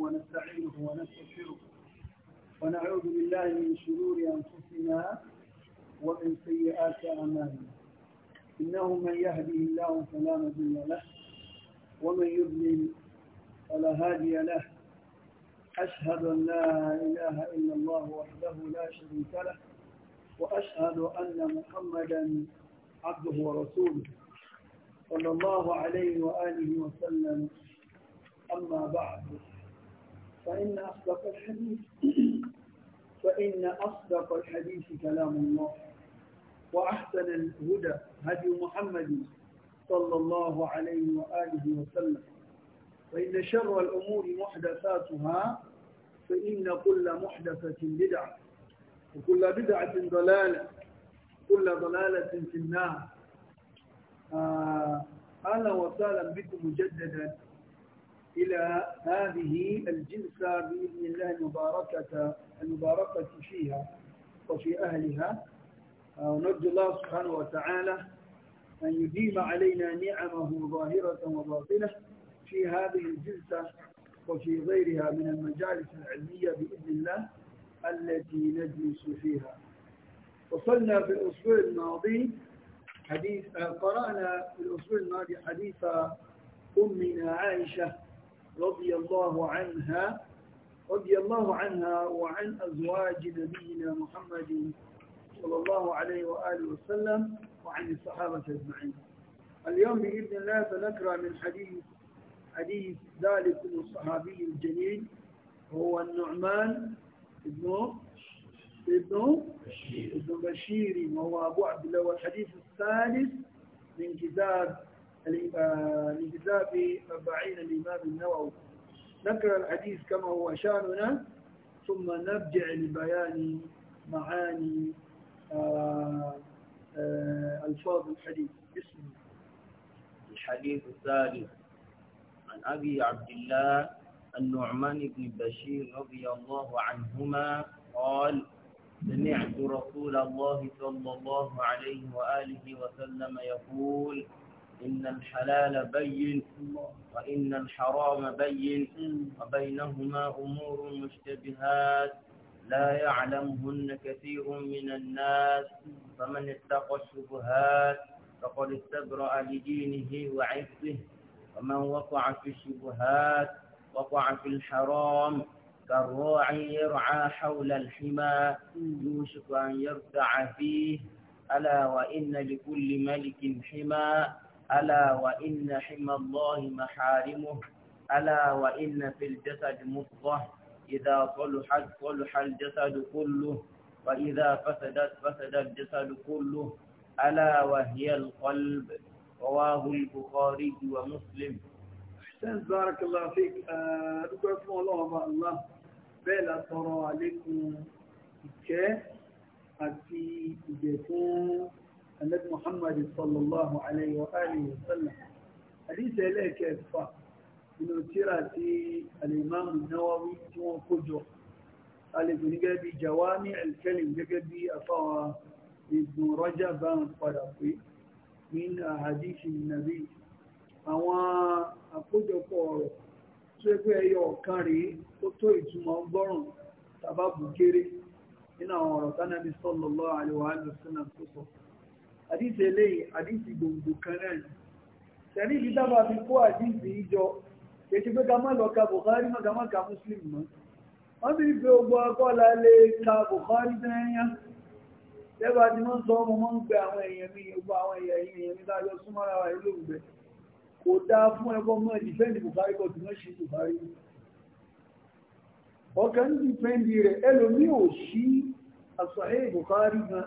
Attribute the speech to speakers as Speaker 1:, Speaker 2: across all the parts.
Speaker 1: ونستعينه ونستغفره ونعوذ بالله من شرور أنفسنا ومن سيئات أعمالنا إنه من يهده الله فلا مضل له ومن يضلل فلا هادي له أشهد أن لا إله إلا الله وحده لا شريك له وأشهد أن محمدا عبده ورسوله صلى الله عليه وآله وسلم أما بعد فإن أصدق الحديث فإن أصدق الحديث كلام الله وأحسن الهدى هدي محمد صلى الله عليه وآله وسلم وإن شر الأمور محدثاتها فإن كل محدثة بدعة وكل بدعة ضلالة كل ضلالة في النار آه، أهلا وسهلا بكم مجددا إلى هذه الجلسة بإذن الله المباركة المباركة فيها وفي أهلها آه، ونرجو الله سبحانه وتعالى أن يديم علينا نعمه ظاهرة وباطنة في هذه الجلسة وفي غيرها من المجالس العلمية بإذن الله التي نجلس فيها وصلنا في الأسبوع الماضي حديث آه، قرأنا في الأسبوع الماضي حديث أمنا عائشة رضي الله عنها رضي الله عنها وعن أزواج نبينا محمد صلى الله عليه وآله وسلم وعن الصحابة أجمعين اليوم بإذن الله سنقرأ من حديث حديث ذلك الصحابي الجليل هو النعمان ابن ابن ابن بشير وهو أبو عبد الله والحديث الثالث من كتاب لكتاب أربعين الإمام النووي نقرأ الحديث كما هو شاننا ثم نرجع لبيان معاني
Speaker 2: آه، آه، ألفاظ الحديث بسم الله الحديث الثالث عن أبي عبد الله النعمان بن بشير رضي الله عنهما قال سمعت رسول الله صلى الله عليه وآله وسلم يقول إن الحلال بين وإن الحرام بين وبينهما أمور مشتبهات لا يعلمهن كثير من الناس فمن اتقى الشبهات فقد استبرأ لدينه وعفه ومن وقع في الشبهات وقع في الحرام كالراعي يرعى حول الحمى يوشك أن يرتع فيه ألا وإن لكل ملك حمى ألا وإن حمى الله محارمه ألا وإن في الجسد مضغة إذا صلحت صلح الجسد كله وإذا فسدت فسد الجسد كله ألا وهي القلب رواه البخاري ومسلم
Speaker 1: أحسن بارك الله فيك أدعو اسم الله الله بلا ترى عليكم ìkẹ́ àti ìjẹ̀ النبي محمد صلى الله عليه وآله وسلم حديث إليك إدفع من أترى الإمام النووي تيوان كجو قال بنقابي جوامع الكلم بقابي أطوى ابن رجب الطرفي من أحاديث النبي àwọn àkójọpọ̀ ọ̀rọ̀ tó ẹgbẹ́ ẹyọ ọ̀kan rèé tó tó ìtumọ̀ ọgọ́rùn tàbá bùkéré nínú àwọn ọ̀rọ̀ tánàbí sallallahu alaihi wa tó sọ àdíṣe eléyìí àdíṣe gbòǹgbò kan náà ni tẹ̀lé ibi dábàá fi kó àdíṣe ìjọ kèsì pé ká má lọ ka Bukhari má ká má ka Muslim mọ́ wọ́n sì fi ogbó ọkọ́lá lè ka Bukhari tẹ́yà lẹ́bà tí wọ́n sọ ọmọ mọ́ ń gbẹ àwọn èèyàn mi ogbó àwọn èèyàn èèyàn mi lájọ súnmọ́ra wa ìlú òǹgbẹ kò dáa fún ẹgbọ́ mọ́ ìdífẹ́ǹdì Bukhari kò tí wọ́n ṣe Bukhari ọkàn ń dìfẹ́ǹdì rẹ̀ ẹlòmíì ò sí àṣàhẹ́ Bukhari gan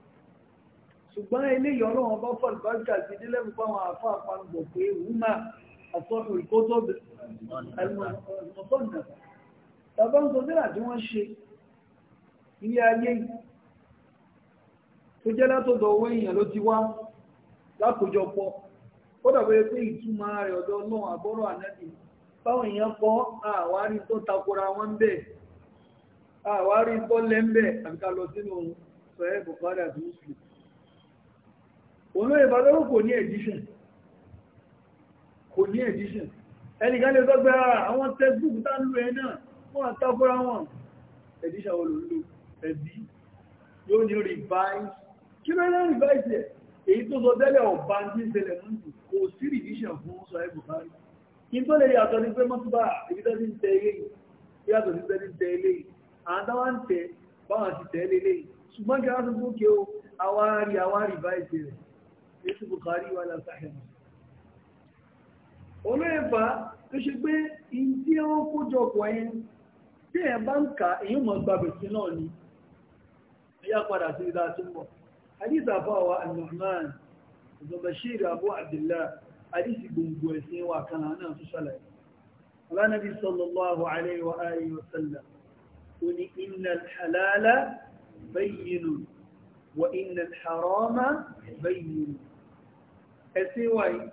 Speaker 1: ṣùgbọ́n eléyìí ọlọ́run bá fọ́ ìbáríkà sí ilé lẹ́nu fún àwọn àfọ́ àpanubọ̀ pé wúmà àtọ́nù ìkótó ẹlùmọ̀tọ́nù tàbá ń sọ sílà tí wọ́n ṣe ilé ayé tó jẹ́ látọ̀dọ̀ owó èèyàn ló ti wá lákòjọpọ̀ ó dàbẹ̀rẹ̀ pé ìtumọ̀ rẹ̀ ọ̀dọ̀ ọlọ́run àbọ́rọ̀ ànádì báwọn èèyàn kọ́ àwárí tó takora wọn ń bẹ̀ àwárí tó lẹ́ńbẹ̀ àbíká lọ sínú àti mùsùlùmí olóyè balógun kò ní edition kò ní edition ẹnìkan lè sọ́gbẹ́ ara ah, àwọn textbook tá ń lò ẹ náà wọ́n àtàkùrá wọn edition olùlò ẹbí yóò ní revise kí ló revise ẹ̀ èyí tó sọ tẹ́lẹ̀ ọ̀bá ní ìṣẹ̀lẹ̀ mọ́tò kò sí revision fún sọ ẹ̀ Buhari kí n tó lè yàtọ̀ ní pé mọ́túbà ibi tó ti ń tẹ eléyìí yàtọ̀ sí tẹ́lẹ̀ ń tẹ eléyìí o àwárí àwárí revise rẹ̀ èsì Bukhari wà látàrí olóyèfà tó ṣe pé ìdí ó kójọpọ̀ ẹ̀ tí ẹ̀ bá ń kà èyí mọ̀ gbàgbẹ̀ sí náà ni ẹ̀yà padà sí ìdá tó mọ̀ hadith àfáwà al-Nu'man al-Bashir Abu Abdullah hadith gbogbo ẹ̀sìn wà kan náà tó ṣàlàyé alánàbí wa alihi wa harama bayyinun ẹ̀sìn wa yìí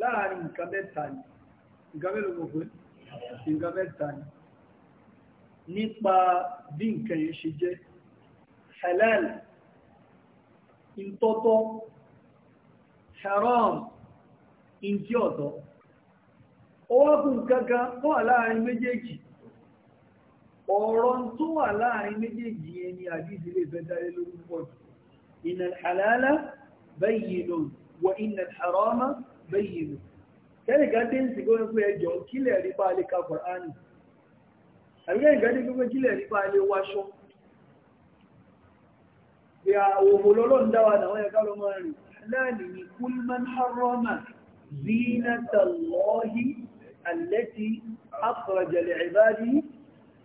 Speaker 1: láàrin nǹkan mẹ́ta ni nǹkan mẹ́lò mọ̀ pé nǹkan mẹ́ta ni nípa bí nǹkan yẹn ṣe jẹ́ halal ìtọ́tọ́ haram ìdí ọ̀tọ̀ ọwọ́kùn kankan tó wà láàrin méjèèjì ọ̀rọ̀ tó wà láàrin méjèèjì yẹn ni àdíjì fẹ́ dáré lórí pọ̀ ìnà halala bayyinun lónìí wọ iná àrọ́mà bẹ́yìí nù kẹ́nìkan dé ń sìnkú pé ẹjọ́ kílẹ̀ nípa alẹ́ ka kùránì àbí kẹ́nìkan dé pé kílẹ̀ nípa alẹ́ wáṣọ ìyá òhun lọ́lọ́ ń dáwà náà ẹ̀ká lọ́mọ rìn láàrin ní kulman harama zinata lọ́hí alẹ́tí akọ̀rọ̀jẹ̀lẹ̀ ìbáàdì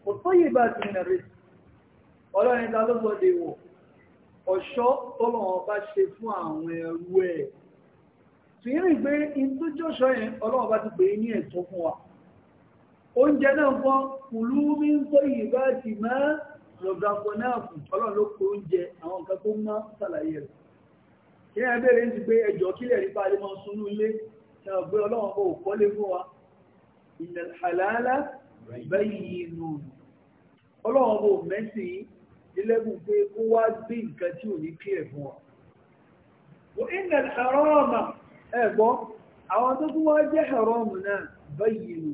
Speaker 1: kò tó yìí bá ọlọ́rin ta ló sọ dèwọ̀ ọ̀ṣọ́ tọ́lọ̀ bá ṣe fún àwọn ẹrú ẹ̀ fìrìn gbé intú jọ́ṣọ́ yẹn ọlọ́run bá ti pè é ní ẹ̀tọ́ fún wa oúnjẹ náà fọ́ kùlú mi ń tó yìí bá ti mọ́ lọ́gbàgbọ́ náà kù ọlọ́run ló pe oúnjẹ àwọn nǹkan tó mọ́ sàlàyé rẹ̀ kí ẹ bẹ̀rẹ̀ ti pé ẹjọ́ kílẹ̀ nípa adé máa sunú ilé náà gbé ọlọ́run kọ́lé fún wa ẹ̀gbọ́ àwọn tó tún wá jẹ́ haramu náà báyìí nù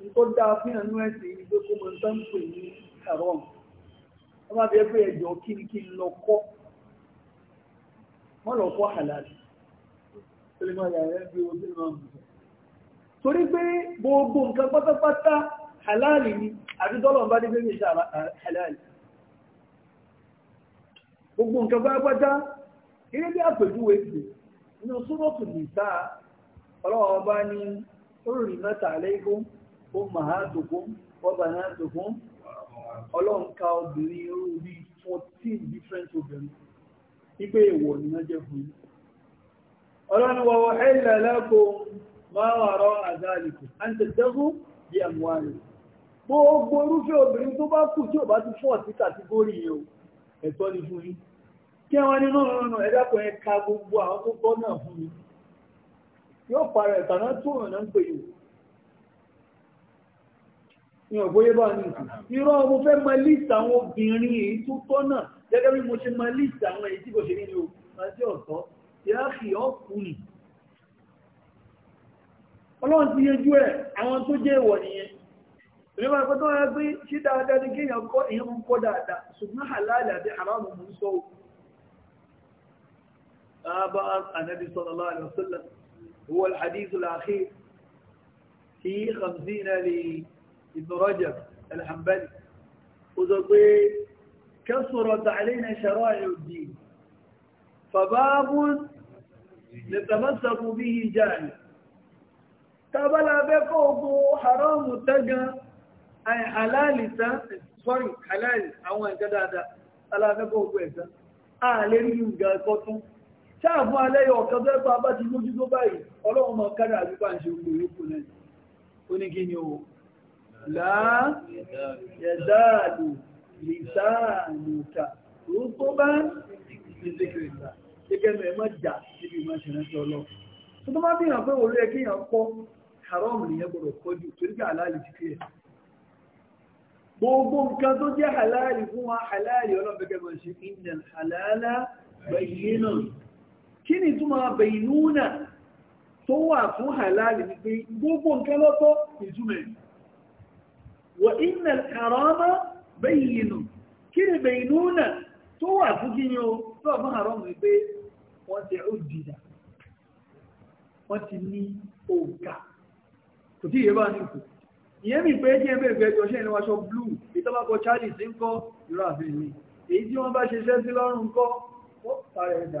Speaker 1: ní dáa fún àánú ẹ̀sìn ní pé kó mọ̀ tán pè ní haramu wọ́n bá lọ kọ́ halali máa yà rẹ̀ bí o bí máa torí pé gbogbo nǹkan pátápátá halali ni àti dọ́lọ̀ bá gbogbo nǹkan pátápátá kí ni inú súrọ́tù nìta ọlọ́wọ́ bá ní orí mẹ́ta lẹ́gbọ́n ó máa dùkún wọ́bà náà dùkún ọlọ́nka obìnrin irú bí 14 different obìnrin wípé èèwọ̀ ni wọ́n jẹ́ fún yín ọlọ́niwọ̀wọ̀ ẹ̀lẹ̀ lẹ́kọ̀ọ́ máa wà rọ àti dẹ́gún bí àmúwárẹ̀ gbogbo irúfẹ́ obìnrin tó bá kù tí ò bá ti fọ́ọ̀ sí kàtígórì ẹ̀tọ́ ni fún yín kí wọ́n nínú ọ̀rọ̀ ẹ̀dàpọ̀ ẹ ka gbogbo àwọn tó gbọ́ náà fún mi yóò para ìtànà tó ọ̀nà ń pè yìí ní ọ̀gbóyé bá ní ìsìn irọ́ mo fẹ́ máa list àwọn obìnrin èyí tó tọ́ náà gẹ́gẹ́ bí mo ṣe máa list àwọn èyí tí kò ṣe nínú àti ọ̀tọ́ ìráàkì ọ̀kù nì ọlọ́run ti yẹjú ẹ̀ àwọn tó jẹ́ ìwọ̀ nìyẹn ìrìnbà pẹ́ tó rẹ̀ pé ṣí dáadáa ní kéèyàn kọ́ èèyàn kọ́ dáadáa ṣùgbọ́n àlàálẹ̀ àti àrámù mú sọ́wọ́ أبا النبي صلى الله عليه وسلم هو الحديث الأخير في خمسين لابن رجب الحنبلي وذلك كسرت علينا شرائع الدين فباب نتمسك به جاهل تبلا بقوض حرام تجا أي حلال سوري حلال أو كذا هذا ألا بقوض أهل اليوم قال sáàfún alẹ́yọ ọ̀kan tó ẹ́pàá bá ti lójú tó báyìí ọlọ́run mọ̀ kára àríkà ń ṣe ogun ìrúkù náà ó ní kí ni o
Speaker 2: láà ẹ̀dáàlù
Speaker 1: lìsáàlùkà ó tó bá ìsìnkìrìsà gẹ́gẹ́ mẹ́ mọ́ jà síbi ìmọ̀ ìṣẹ̀rẹ́sẹ̀ ọlọ́run tó tó bá bí hàn pé orí ẹkẹ́ yàn kọ́ haram nìyẹn gbọ́dọ̀ gbogbo nǹkan tó jẹ́ aláàlì fún wa aláàlì ọlọ́run mọ̀ ṣe ìndẹ̀ aláàlá bẹ̀yìn náà kí ni túnmọ̀ bẹ̀yìnúnà tó wà fún halali ní pé gbogbo nǹkan lọ́tọ̀ ìtumẹ̀ wà innal karama bẹ̀yìnú kí ni bẹ̀yìnúnà tó wà fún kí ni o tó wà fún haram ní pé wọ́n ti ó dìdà wọ́n ti ní òǹkà kò tí ìyẹ́ bá ní kù ìyẹ́ mi pé jẹ́ ẹgbẹ́ ìgbẹ́ ẹjọ́ ṣe ìlú aṣọ blue ìtọ́bàkọ̀ charlie ti ń kọ́ ìrọ̀ àfihàn èyí tí wọ́n bá ṣe ṣẹ́ lọ́rùn kọ́ ó sáré ẹ̀dà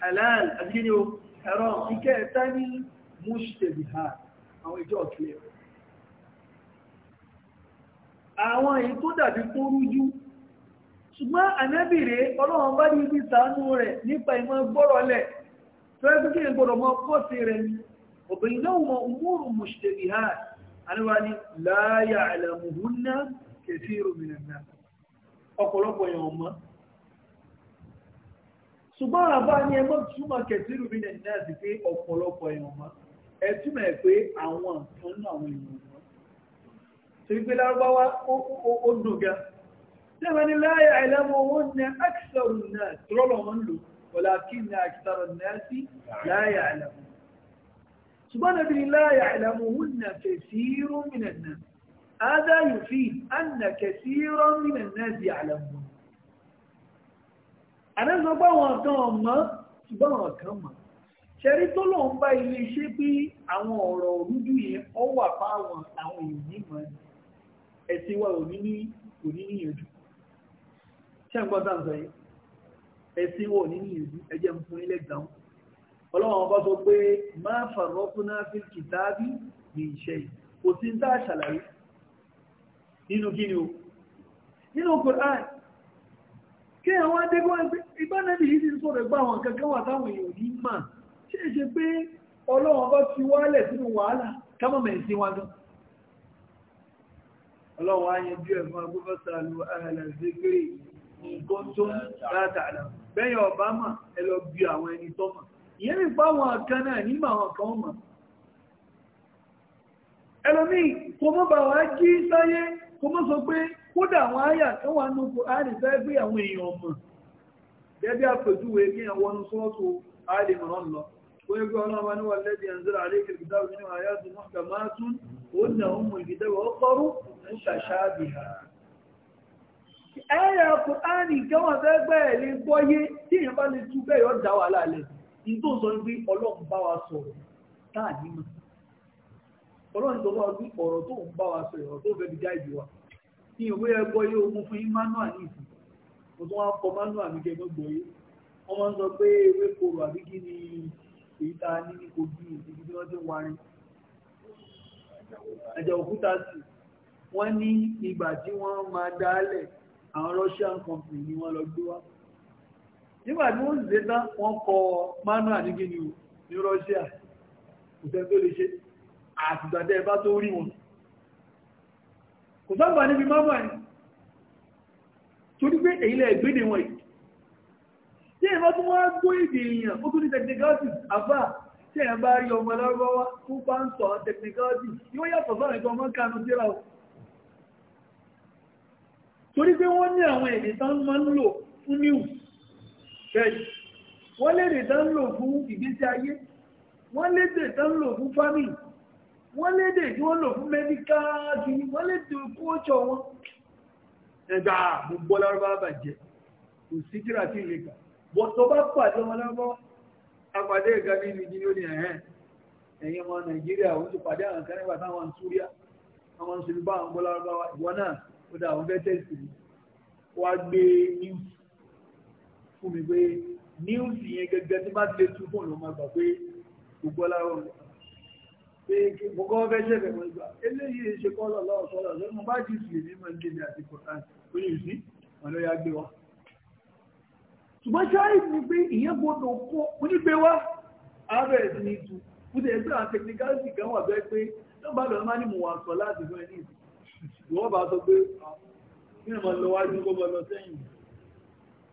Speaker 1: halal àbíkíní o haram ìkẹ́ ẹ̀ta ní mushtabihat àwọn ìjọ ọ̀kílẹ̀ àwọn èyí tó dàbí kó rújú ṣùgbọ́n ànábìrè ọlọ́run bá ní ibi sàánú rẹ̀ nípa ìmọ̀ gbọ́rọ̀lẹ̀ tó ẹgbẹ́ kí n gbọ́rọ̀ mọ́ pọ́sí rẹ̀ obìnrin náà mọ ọ̀pọ̀lọpọ̀ èèyàn mọ́ ṣùgbọ́n àbá ní ẹgbẹ́ túmọ̀ kẹsìrù mi nẹ̀ náà sì pé ọ̀pọ̀lọpọ̀ èèyàn mọ́ ẹ túmọ̀ ẹ̀ pé àwọn nǹkan náà àwọn èèyàn mọ́ torí pé lárúbáwá ó dùn ga sẹ́wọ́n ní láyà ìlànà owó ní àkìsọ̀rù náà tọ́lọ̀ wọn lò wọ̀lá kí ní àkìsọ̀rù náà sí láyà ìlànà ṣùgbọ́n nàbí láyà ìlànà owó náà kẹsìrù mi nẹ̀ náà هذا يفيد أن كثيرا من الناس يعلمون àdájọ́ pé àwọn kan ọmọ ṣùgbọ́n àwọn kan mọ̀ ṣẹ̀rí tó lọ ń bá ilé ṣe pé àwọn ọ̀rọ̀ òrújú yẹn ọ wà fáwọn àwọn èèyàn mọ̀ ẹ̀sìn wa ò ní ní kò ní níyànjú ṣé ń gbọ́ tá à ń sọ yìí ẹ̀sìn wa ò ní níyànjú ẹ jẹ́ ń fún ilé gbà wọn ọlọ́run sọ pé má farọ́kúná fi kìtàbí ní iṣẹ́ yìí kò sí ń tá àṣàlàyé nínú kí ni o nínú Kùránì kí àwọn adégbò ìbánẹ́bì yìí ti sọ̀rọ̀ gbá àwọn kankan wà táwọn èèyàn yìí mà ṣe é ṣe pé ọlọ́wọ́n bá ti wálẹ̀ sínú wàhálà kámọ̀mẹ̀ sí wa gan ọlọ́wọ́n á yẹn bí ẹ̀fọn agbófẹ́sàlù alàzẹ́gbẹ̀rẹ̀ nǹkan tó látàlà bẹ́yìn ọba mà ẹ lọ bí àwọn ẹni tó mà ìyẹn ní pa àwọn kan náà nígbà àwọn kan mà ẹlòmíì kò mọ́ bàwá jí sáyé kò mọ́ sọ pé kódà àwọn àyà kan wà nù Kùránì fẹ́ gbé àwọn èèyàn mọ̀ gẹ́gẹ́ àpèjúwe kí àwọn sọ́ọ̀tù Ali الله من هو الذي أنزل عليك الكتاب منه آيات محكمات قلنا أم الكتاب وأخر متشابهة Ẹ̀yà Kùránì gẹ́wọ̀n fẹ́ gbẹ́ẹ̀ lè gbọ́yé tí èyàn bá lè tú bẹ́ẹ̀ yọ dá wà láàlẹ̀. Ìyí tó sọ wípé Ọlọ́run bá wa tó wá gbé ọ̀rọ̀ tó ń bá wa sọ̀rọ̀ tó fẹ́ bí gáìdì wa ní ìwé ẹgbọ́ yóò mú fún emmanuel ní ìsìn mo tún wá kọ emmanuel mi kẹgbẹ́ gbọ́ yìí wọ́n máa ń sọ pé ewé koro àbí ni èyí tá a ní ní kogi ìdíbi tí wọ́n ti ń warin ẹ̀jẹ̀ òkúta sí wọ́n ní ìgbà tí wọ́n máa dálẹ̀ àwọn Russian company ni wọ́n lọ gbé wá nígbà tí wọ́n sì dé tán wọ́n kọ emmanuel ní o ní Russia kò sẹ́ni tó lè ṣe àtìgbàdẹ́ bá tó rí wọn kò sábà níbi mọ́mọ́ ẹ̀ torí pé èyí lẹ̀ gbéde wọn yìí tí èèyàn tó wá gbó ìdè èèyàn ó tún ní technicalities àbá tí èèyàn bá rí ọmọ lọ́wọ́wá tó bá ń sọ technicalities yóò yàtọ̀ sọ́rọ̀ nǹkan ọmọ kanu o torí pé wọ́n ní àwọn èdè tán máa ń lò fún news bẹ́ẹ̀ wọ́n lédè tán ń lò fún ìgbésí wọ́n lédè tí wọ́n lò fún mẹ́díkà kí wọ́n lédè kóòjọ wọn ẹgbà mo gbọ́ lárúbá bàjẹ́ kò sí tíra tí ìlé kà bọ́ tó bá pàdé ọmọ lárúbá apàdé ìga ní ìlú yìí ó ní ẹ̀hẹ́n ẹ̀yin ọmọ nàìjíríà ó ti pàdé àwọn kẹrẹ́gbà táwọn ń súríà àwọn ń sinmi bá àwọn gbọ́ lárúbá wa ìwọ náà ó dà àwọn fẹ́ tẹ̀sí wá gbé news fún mi pé news yẹn gẹ́gẹ́ tí bá ti lè tún fóònù ọmọ àgbà pé gbogbo lárúbá Gbogbo fẹ́ ṣẹ̀fẹ̀ mọ́ ìgbà, eléyìí ṣe kọ́ lọ lọ́wọ́ sọ́lọ̀ lọ́wọ́ mo bá jì sí ní mọ́ ìdíje àti Kọ̀tán, ó yìí Ṣùgbọ́n ṣáàyè ni pé ìyẹn gbọ́dọ̀ kó onígbé wa, ààrẹ ti ní tu, ó ti ẹgbẹ́ àwọn tẹkinikálìtì kan wà bẹ́ẹ̀ pé lọ́ba lọ́ọ́ má ní mo wà sọ láti fún ẹ ní ìsìn. Ìwọ́n bá sọ pé ah,
Speaker 2: kí ni mo lọ wájú kó mo
Speaker 1: lọ sẹ́yìn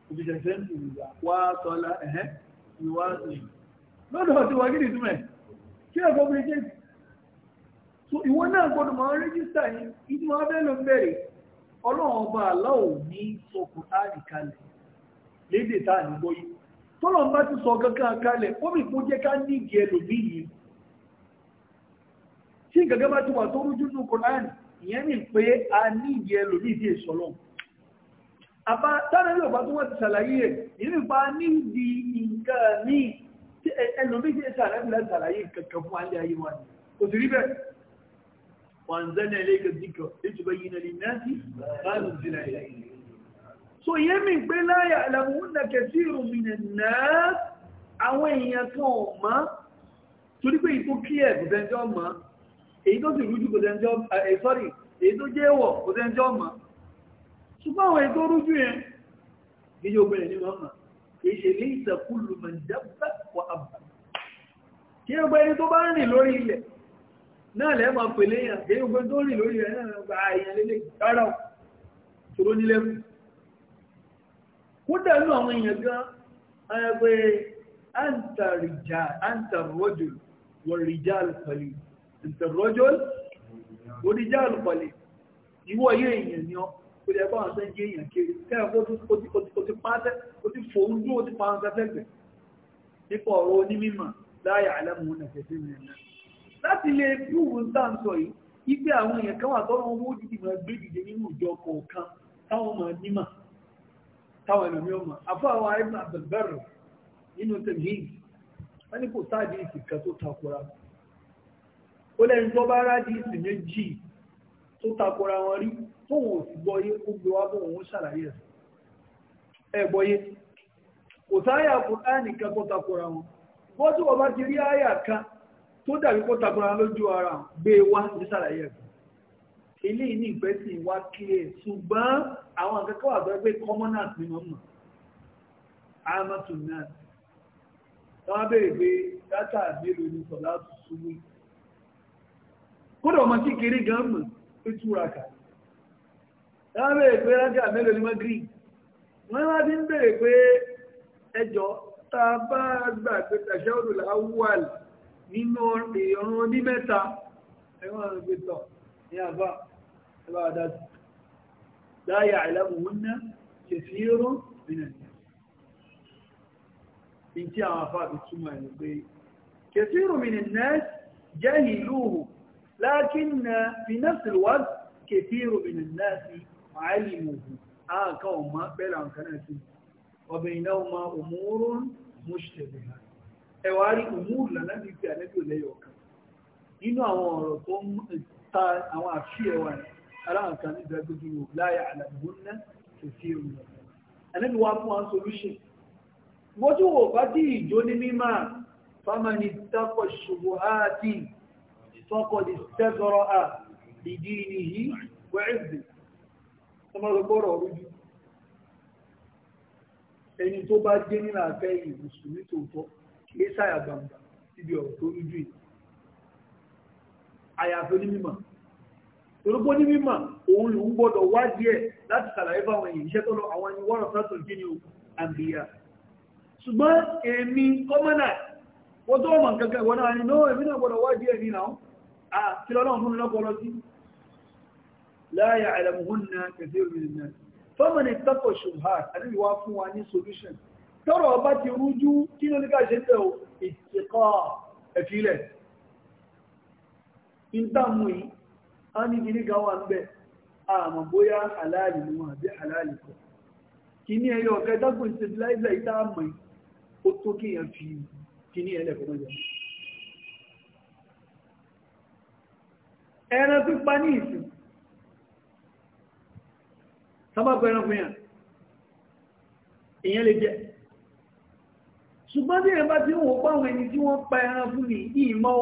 Speaker 1: òbíṣẹ̀ṣẹ̀ ń tù ìgbà wá sọ́lá ẹ̀hẹ́ ìwá sẹ́yìn so ìwọ náà gbọdọ̀ máa rẹ́gísítà yìí ìdí máa bẹ́ẹ̀ ló ń bẹ̀rẹ̀ ọlọ́run ọba aláwọ̀ ní sọ kùránì kalẹ̀ lédè tá à ní gbọ́ yìí tọ́lọ́run bá ti sọ kankan kalẹ̀ ó mì kó jẹ́ ká nídìí ẹlòmíì yìí tí gẹ́gẹ́ bá ti wà tó rújú ní kùránì ìyẹn ní pé a nídìí ẹlòmíì sí ìsọlọ́run àbá tánàlì ọba tó wọ́n ti ṣàlàyé ẹ̀ nínú ipa nídìí nǹkan míì tí ẹlòmíì sí ìsàlẹ̀ وأنزلنا إليك الذكر لتبين للناس ما نزل إليك سو yẹ́ بلا pé كثير من الناس ìrùmìnà náà àwọn èèyàn kan ò mọ̀ torí pé ìtò kí ẹ̀ kò tẹ́jọ́ mọ̀ èyí tó sì rújú kò tẹ́jọ́ ẹ̀ sọ́rí èyí tó jẹ́ wọ̀ kò tẹ́jọ́ ṣùgbọ́n àwọn èyí rújú yẹn kì obìnrin ní wọ́n mọ̀ kì í ṣe lé náà lẹ́mọ̀ pèlé yàn kí gbogbo tó rìn lórí rẹ̀ náà gba àyàn lélẹ̀ rárá ṣòro nílé fún kódà ní àwọn èèyàn gan ara pé àǹtàrọ̀jò wọ rìjà àlùpàlì àǹtàrọ̀jò wọ rìjà àlùpàlì ìwọ yé èèyàn ni ọ kò lè bá àwọn sẹ́ńjì èèyàn kiri kẹ́rẹ̀ kó ti pàṣẹ kó ti fòun dúró ti pa àwọn sẹ́fẹ̀ẹ́ nípa ọ̀rọ̀ onímọ̀ láyà alámùú nàfẹ́fẹ́ mìíràn náà láti lè dúró ń tàn sọ yìí ipe àwọn èèyàn kan wà tọ́rọ owó dìdì máa gbé dìde nínú ìjọ kọ̀ọ̀kan táwọn máa nímọ̀ táwọn ẹ̀nà mìíràn máa àwọn ibn abdulbẹ̀rẹ̀ nínú tẹ̀míhìn wọ́n ní kò sáàdì kan tó takora ó lẹ́yìn tó bá rí tó dàbí kó lójú ara gbé e wá ní sàlàyé ẹ̀kọ́ ilé ní ìfẹ́ sí wá kílẹ̀ ṣùgbọ́n àwọn akẹ́kọ̀ọ́ àgbẹ̀ commoners ni wọ́n mọ̀ amatul nas wọ́n bèèrè pé dátà mélòó ni sọ̀lá ọmọ gan mọ̀ pé túra kà wọ́n bèèrè pé dátà mélòó ni wọ́n pé ẹjọ́ tá a bá gbà pé nínú ìrún onímẹ́ta ẹwọ́n àgbẹ̀tọ̀ ní àbá ẹbá àdájú láyà ìlàmùhúnná ṣe fi rú nínú in tí àwọn afá àti túnmọ̀ ẹ̀lú pé كثير من الناس جهلوه لكن في نفس الوقت كثير من الناس علموه آه كوما بلا كناسي وبينهما أمور مشتبهة ẹ̀wà rí òmùrù lànàbí fi ànẹ́bí òlẹ́yọ̀ kan nínú àwọn ọ̀rọ̀ tó ń ta àwọn àfi ẹ̀wà aláwọn kan níbi agbègbè wò láyà àlàbùnà kò sí ewu lọ ànẹ́bí wa fún wa solution wọ́n tún wò bá tí ìjó ní mímà fámánì dákọ̀ ṣòwò áàtì fọ́kọ̀ lè tẹ́sọ̀rọ̀ à ìdí nìyí wẹ́ẹ̀sì ọmọlọgbọ́rọ̀ rújú ẹni tó bá dé nínú àfẹ́ ìmùsùlùmí tòótọ́ kìí ṣàyà gbangba síbi ọ̀rọ̀ tó rújú yìí àyàfi onímọ̀ torípó ní mímọ̀ òun lòun gbọ́dọ̀ wá díẹ̀ láti ṣàlàyé fáwọn èèyàn iṣẹ́ tó lọ àwọn ẹni wọ́rọ̀ sátò kí ni o àbíyá ṣùgbọ́n èmi kọ́mọ́nà wọ́n tó mọ̀ kankan ìwọ̀n náà ni náà èmi náà gbọ́dọ̀ wá díẹ̀ ní náà àti lọ́nà fún mi lọ́pọ̀ lọ sí láyà àlàmùhùn náà kẹfẹ́ òmìnira fọ́mọ̀nì tọ́pọ̀ ṣùgbọ́n tọ́rọ̀ ọba ti rújú kí ló ní ká ṣe ń tẹ̀ o ìtìkọ́ ẹ̀fílẹ̀ ìtàmù yìí a ní kìíní kan wà ń bẹ̀ àmọ́ bóyá aláàlì ni wọn àbí aláàlì kọ kìíní ẹyọ ọ̀kẹ́ dákùn stabilizer yìí ó tó kéèyàn fi kìíní ní ìsìn sábà lè jẹ́ ṣùgbọ́n bí ẹ̀bá tí wọ́n pa àwọn ẹni tí wọ́n pa ẹran fún ní ìmọ́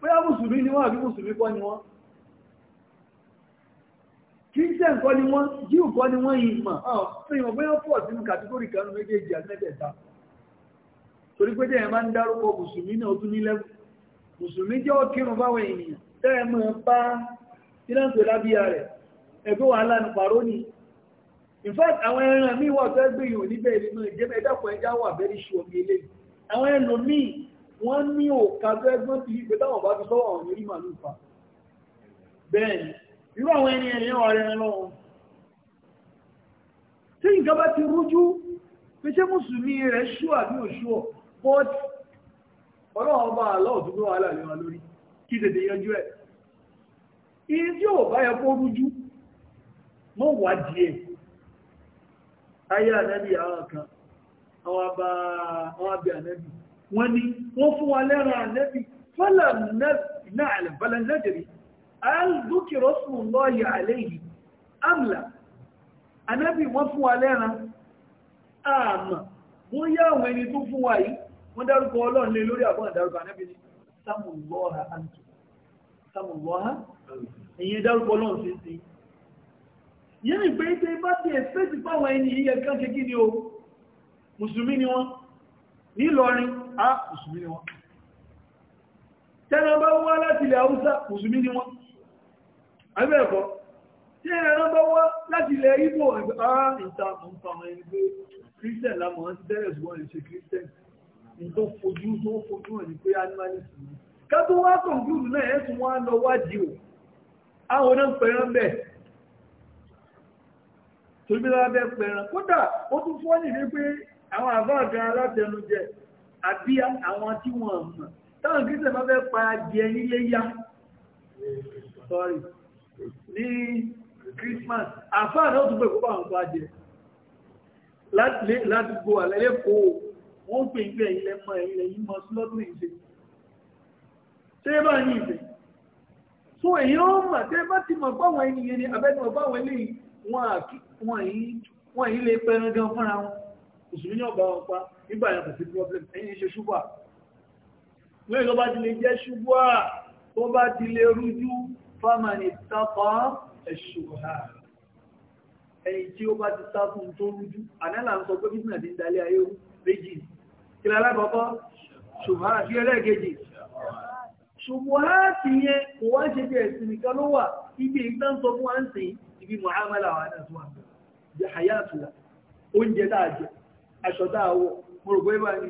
Speaker 1: bóyá mùsùlùmí ni wọ́n àbí mùsùlùmí kọ́ ni wọ́n christian kọ́ ni wọ́n jíù kọ́ ni wọ́n ìmọ̀ fún ìmọ̀ bóyá pọ̀ sínú kàtíkórì kanú méjèèjì àtẹ́tẹ̀ta torí pé tẹ́yẹ máa ń dárúkọ mùsùlùmí náà tún ní lẹ́bù mùsùlùmí jẹ́ ọkírun fáwọn ènìyàn tẹ́yẹ mọ̀ bá tíráǹtò lábíyà rẹ̀ ẹ̀gbẹ́ wàhálà ní pàrónì in fact àwọn ẹran mi wà tó ẹgbẹ́ yìí ò níbẹ̀ nínú ìjẹ́mẹ́ ẹ̀dàpọ̀ ẹja wà bẹ́rí ṣù omi ilé àwọn ẹlòmíì wọ́n ní òkà tó ẹgbọ́n ti pé táwọn bá ti sọ́wọ́ àwọn onírí màlúù fa bẹ́ẹ̀ ni irú àwọn ẹni ẹ̀rẹ́ ọ̀rẹ́ lọ́wọ́ tí nǹkan bá ti rújú pé ṣé mùsùlùmí rẹ̀ ṣú àbí òṣù ọ̀ but ọlọ́run bá aláwọ̀ tó gbé wàhálà lé wa lórí kí tètè yanjú ẹ̀ iye tí ò bá yẹ kó rújú mọ́ wá díẹ̀ ayé ànẹ́bì àwọn kan àwọn abẹ́ ànẹ́bì wọ́n ní wọ́n fún wa lẹ́ran ànẹ́bì fọ́lẹ̀nẹ́dìrí alìdókèrò fún lọ́yà àlẹ́yìí amla ànẹ́bì wọ́n fún wa lẹ́ran àmà wọ́n yá àwọn ẹni tó fún wa yìí wọ́n dárúkọ ọlọ́run lé lórí àbọ̀n dárúkọ ànẹ́bì ní sàmùlọ́ha ẹ̀yìn dárúkọ ọlọ́run sí sí yẹn ní pé pé bá ti ẹ̀fẹ́sì fáwọn ẹni yíyẹ kan ṣe kí ni o mùsùlùmí ni wọ́n nílọrin a mùsùlùmí ni wọ́n tẹ́nà bá wá láti ilẹ̀ haúsá mùsùlùmí ni wọ́n abẹ́ẹ̀kọ́ tí ẹ̀rọ bá wá láti ilẹ̀ Ìgbò ara ìta nǹkan ẹni pé christian lámọ̀ ọ́n ti tẹ́lẹ̀ ṣùgbọ́n lè ṣe christian nǹkan fojú tó fojú ẹ̀ ní pé animalism ká tó o àwọn náà torí bí wọ́n bẹ́ pẹ̀ràn kódà ó tún fọ́ nì wípé àwọn àbáàgà alátẹnujẹ àbí àwọn tí wọ́n mọ̀ táwọn kìtẹ̀ bá fẹ́ pa jẹ nílé yá sorry ní Christmas àfáà náà tún pẹ̀ kó bá wọn pa jẹ ládùúgbò àlẹ́lẹ́ kó wọ́n pè ń gbẹ̀ ilẹ̀ mọ́ ilẹ̀ yìí mọ́ sí lọ́dún ìṣe tẹ́ bá ní ìṣe so èyí ó mọ̀ tẹ́ bá ti mọ̀ báwọn ènìyàn ni àbẹ́ni mọ̀ báwọn eléyìí wọ́n yí lè pẹ́ran gan fúnra wọn mùsùlùmí náà bá wọn nígbà yẹn sí problem ẹ̀yìn ṣe ṣubúà lóyìn ló bá ti lè jẹ́ ṣubúà tó bá ti lè rújú fámánì tápá ẹ̀ṣùgbà ẹni tí ó bá ti sá fún tó rújú ànálà ń sọ pé bísínà ti ń dalẹ̀ ayé méjì kí lára kọ́kọ́ àti ẹlẹ́ẹ̀kejì ṣùgbà ti yẹn kò wá ṣe bí ẹ̀sìn nìkan ló wà ibi ìtàn sọ fún àǹsìn bí muhammadu àwọn àti wọn jẹ hayatula oúnjẹ dáa jẹ aṣọ dáa wọ mo rò bóyá báyìí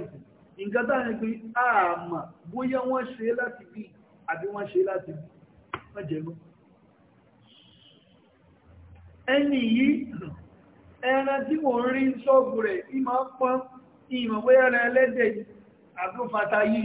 Speaker 1: nìyí nǹkan dáa ni pé àmà bóyá wọ́n ṣe láti bí àbí wọ́n ṣe láti bí wọ́n jẹ lọ. ẹni yìí ẹran tí mò ń rí ṣọ́ọ̀bù rẹ̀ ìmọ̀ pọ́n ìmọ̀ bóyá ẹlẹ́dẹ̀ àbí ó yìí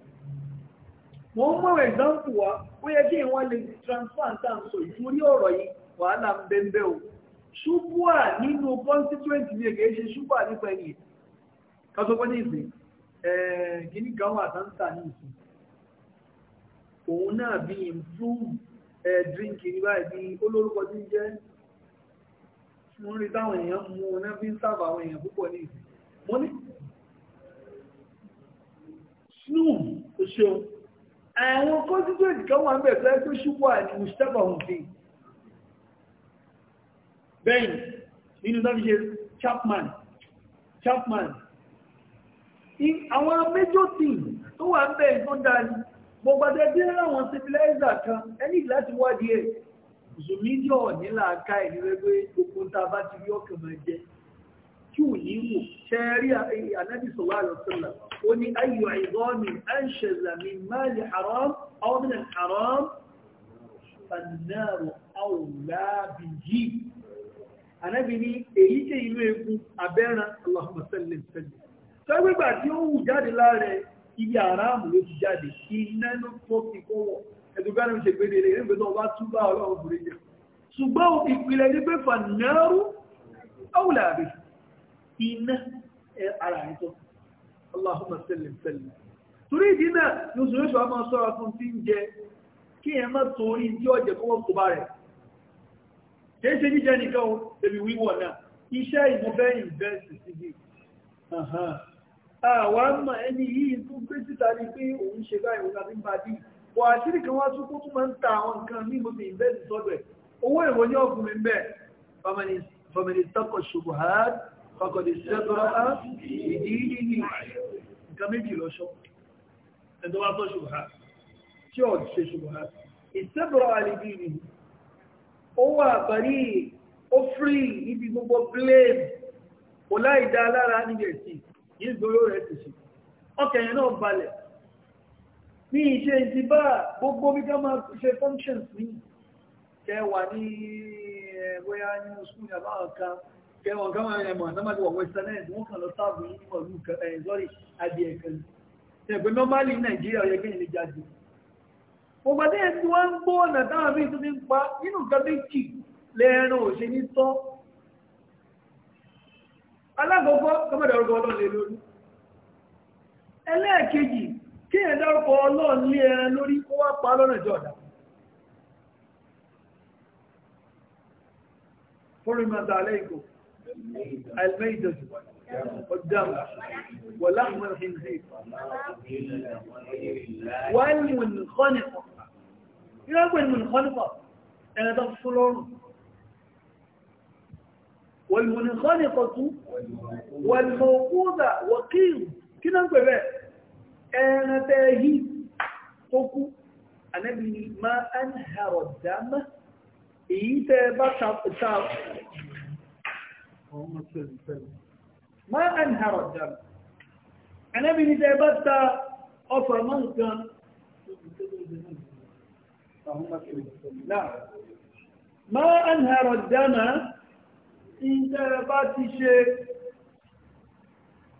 Speaker 1: mo ń mọ̀ example wa ó yẹ kí wọ́n lè transfer and tan so ìfúrí ọ̀rọ̀ yìí wàhálà ń bẹ́ńbẹ́ o ṣubúà nínú constituent ní èké ṣe ṣubúà nípa ẹ̀yìn kásọpọ̀ ní ìsìn kìíní kan wà táǹtà ní ìsìn òun náà bí improve drink ní báyìí bí olórúkọ tí ń jẹ́ wọ́n rí táwọn èèyàn mú un náà fi ń sáàbà àwọn èèyàn púpọ̀ ní ìsìn mo snoop ṣeun àwọn constituent kan wà ń bẹ̀ fẹ́ tó ṣubú àti mustapha hùfin bẹ́yìn nínú tàbí ṣe chapman chapman àwọn major team tó wà ń bẹ̀ tó dáni gbogbo ẹgbẹ́ àwọn civilizer kan ẹni láti wádìí ẹ̀ zùmídíọ̀ nílà ká ìrírẹ́gbé gbogbo ta bá ti rí ọkàn máa jẹ́ tí ò ní wò ṣẹ́rí ànábì sọ̀rọ̀ àlọ́sọ̀lá ó ní ayò àìgọ́mì ẹ̀ṣẹ̀lá mi máa lè haram ọdún haram fanáàrù àwòlábìyí ànábì ní èyíkè inú egun abẹ́ran Allahumma sallim sallim sọ́gbẹ́gbà tí ó wù jáde láàrẹ iye àràmù ló ti jáde iná ló tó fi kọ́wọ́ ẹ̀dùgbà náà ṣe gbéde rẹ̀ nígbà tó wá túbà ọlọ́run bùrẹ́jẹ̀ ṣùgbọ́n ìpìlẹ̀ ní pé fanáàrù àwòlábìyí iná ara rẹ̀ tó Allahumma sallim sallim torí ìdí náà lóṣooṣù a máa sọ́ra fún tí ń jẹ kí ẹ má torí tí ọjẹ́ kọ́wọ́ kò bá rẹ̀ kìí ṣe jíjẹ nìkan o èmi wíwọ̀ náà iṣẹ́ ìmọ̀fẹ́ ìbẹ́ẹ̀sì síbi àwọn àmà ẹni yìí tó gbé síta ní pé òun ṣe báyìí òun àti bá dì wà àṣírí kan wá tún kó tún máa ń ta àwọn nǹkan ní gbogbo ìbẹ́ẹ̀sì sọ́dọ̀ ẹ̀ owó ìwọ ní ọkùnrin bẹ́ẹ̀ family family tọkọ̀ ṣùgbọ́n fàkọ̀dé sí ẹ̀tọ́rọ ìdí ìdí nǹkan méjì lọ́ṣọ́ ẹ̀tọ́ wá tọ́ ṣùgbọ́n tí ọ̀ ṣe ṣùgbọ́n ìtẹ́bọ̀rọ̀ àlìbí ni ó wà àbárí ó fírí níbi gbogbo blame kò láì dá lára níbi ẹ̀sìn yìí gbóró rẹ̀ ti ṣe ọkẹ̀yìn náà balẹ̀ ní ìṣe ìtìbá kẹwọn kama ẹmọ anamadi wọ western end wọn kàn lọ sáàbù yìí nímọ̀ ìlú kan ẹ̀yìn sọ́rí adìẹ kan ṣẹ̀gbẹ́ normally nàìjíríà yẹ kéyìn lè jáde gbogbo adé ẹni wọn ń gbọ́ ọ̀nà táwọn míì tó ti ń pa nínú nǹkan méjì lẹ́ẹ̀rùn òṣè ní tọ́ alákọ̀ọ́kọ́ kọ́mọ̀dé ọ̀rọ̀ ọlọ́run lè lórí ẹlẹ́ẹ̀kejì kéèyàn dárúkọ ọlọ́run lé ẹran lórí kó wá pa lọ́nà jọ̀dá fúnrimọ̀ta alẹ́ ìkòkò الميدة والدم ولحم الخنزير والمنخنقة يلعب إيه المنخنقة أنا تغفر والمنخنقة والموقودة وقيل كنا نقول أنا تاهي حكو أنا بني ما أنهر الدم إيه تبقى ọ̀hún ọ̀tí ẹ̀sìn fẹ́lẹ̀. máa ń hàrọ̀ jàmù ẹ̀nẹ́bí ní tẹ́ bá ta ọfà mọ́ nǹkan máa ń hàrọ̀ jàmù ìjẹ́ bá ti ṣe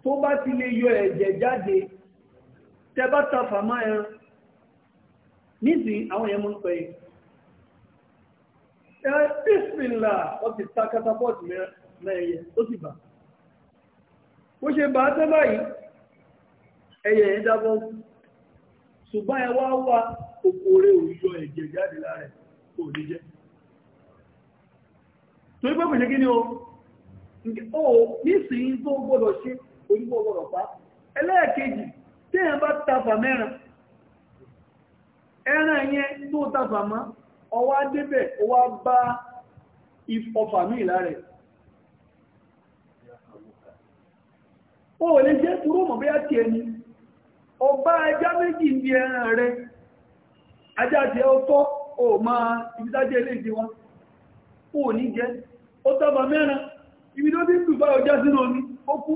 Speaker 1: tó bá ti lè yọ ẹ̀jẹ̀ jáde tẹ́ bá ta fàmá ẹran nísìn àwọn èèyàn mọ́ ń pẹ̀yìn ẹ̀ bísmìlá ọ ti ta katapọ́ọ̀tì mìíràn lẹ́yẹ ó sì bà bó ṣe bà á tẹ́ báyìí ẹyẹ yẹn dábọ́ ṣùgbọ́n ẹ wá wá kòkòrò òyọ ẹ̀jẹ̀ jáde lára kò ní jẹ́ torí pé kò ṣe kí ni o ó nísìnyí tó gbọ́dọ̀ ṣe onígbọ́ gbọ́dọ̀ pa ẹlẹ́ẹ̀kejì tí ẹ̀ bá tafà mẹ́rin ẹran yẹn tó tafà mọ́ ọwá débẹ̀ o lè jẹ́ turó mọ̀ bóyá ti ẹni ọba ajá méjì ń di ẹran rẹ ajá ti ẹ ọtọ́ ó máa ibitájẹ́ ilé ìdí wọn ó ní jẹ́ ó tọ́bà mẹ́rin ibi tó ti tù báyọ̀ já sínú omi ó kú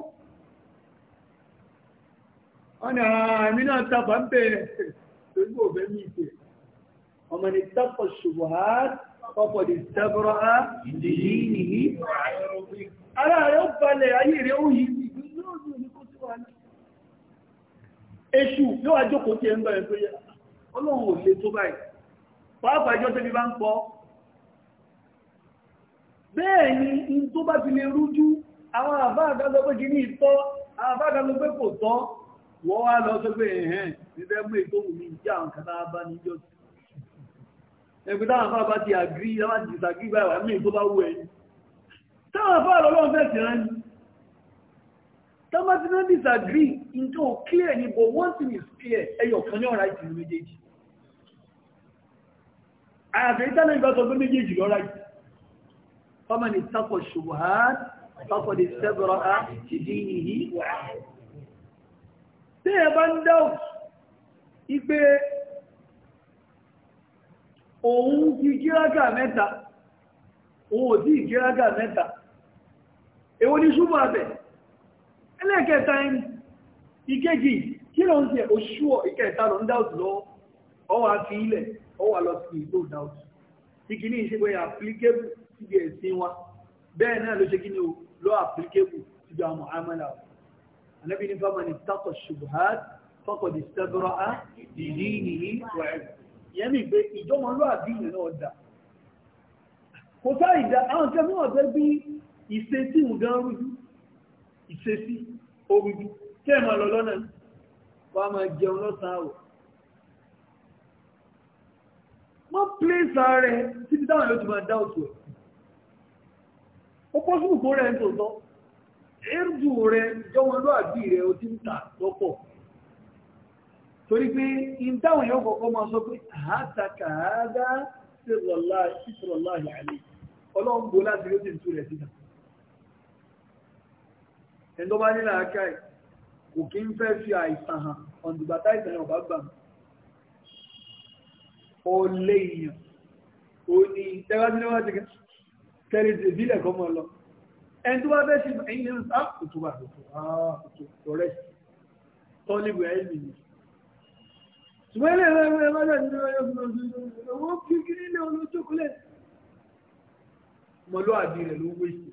Speaker 1: wọ́n ni ah, àmì náà tàbà ń bẹ̀rẹ̀ lórí òbẹ́ ní ìpè ọmọ ni tàpọ̀ ṣùgbọ́n ọ̀pọ̀ di tẹ́bọ̀rọ̀ á ìdí yìí nìyí ara rẹ̀ ó balẹ̀ èṣù yóò wá jókòó tí ẹ ń bẹ̀rẹ̀ pé ọlọ́run ò lè tó báyìí pàápàá ìjọ tẹ́bí bá ń pọ̀ bẹ́ẹ̀ ni in tó bá ti lè rújú àwọn àbá àdájọ́ pé kí ní ìtọ́ àbá àdájọ́ pé kò tọ́ wọ́n wá lọ sọ pé ẹ̀hẹ́n nígbẹ́ mú ètò òun ní ìjà àwọn a bá ní ìjọ tí ẹgbẹ́ táwọn afá bá ti àgírí láwọn ti ìsàgírí báyìí wà mí tó bá wù ẹ̀yìn táwọn afá lọ́wọ́ fẹ́ sí rán tọ́mọ́ tí not disagree into clear ni but one thing is clear ẹyọ kan ní ọ̀rá ìtìlú méjèèjì àyàfẹ́ ìtànà ìbátọ̀ pé méjèèjì lọ́rá ìtì ọmọ ni takọ̀ ṣùgbọ́n takọ̀ lè sẹ́bọ̀rọ̀ á ti dín ìyí tí ẹ bá ń dáwò ipé òun ti kírágà mẹ́ta òun ò tí kírágà mẹ́ta èwo ni ṣùgbọ́n abẹ́ ẹlẹ́ẹ̀kẹta ẹni ìkéjì kí ló ń ṣe òṣùwọ̀ ìkẹta lọ ń dáùtù lọ ọwà fi ilẹ̀ ọwà lọ sí ìgbò dáùtù ìkíní ìṣe pé àplikébù síbi ẹ̀sìn wa bẹ́ẹ̀ náà ló ṣe kí ni o lọ àplikébù síbi àwọn amẹ́là anábì ní fámánì tákọ̀ ṣubuhat fọ́kọ̀ di sẹ́bọ̀rọ̀ á ìdí nìyí ìṣesí orúdú tí ẹ̀ máa lọ lọ́nà wà á máa jẹun lọ́sàn-án àwọ̀. wọ́n pílẹ̀sì ààrẹ títí táwọn yóò ti máa dá òtù ẹ̀. ó pọ́ sùkúkú rẹ̀ ń tòótọ́ èrùdù rẹ̀ jọmọlúàbí rẹ̀ ó ti ń tà lọ́pọ̀ torí pé ìdáhùn yóò kọ́kọ́ máa sọ pé àátàkà àádá sí ìrọ̀lá ìṣòro láàyè àlè ọlọ́run bo láti rí ti ń tú rẹ̀ síta ẹni tó bá nílà aká ẹ̀ kò kí ń fẹ́ fi àìsàn hàn ọ̀dùgbà táìsàn yẹn ọ̀bá gbà ọ̀lẹ́ èèyàn ò ní tẹ́wá sí níwájú kẹrìndì ìbílẹ̀ kọ́ mọ́ lọ ẹni tó bá fẹ́ sí ẹ̀yìn nínú sá òtò wà òtò òtò tọ̀rẹ́ tọ́lìbù ẹ̀mí ni ṣùgbọ́n ilé ẹ̀rọ ẹ̀rọ ẹ̀rọ ẹ̀rọ ẹ̀rọ kí kí nílé olójókòlẹ̀ mọ́lúwàbí rẹ̀ ló wé sí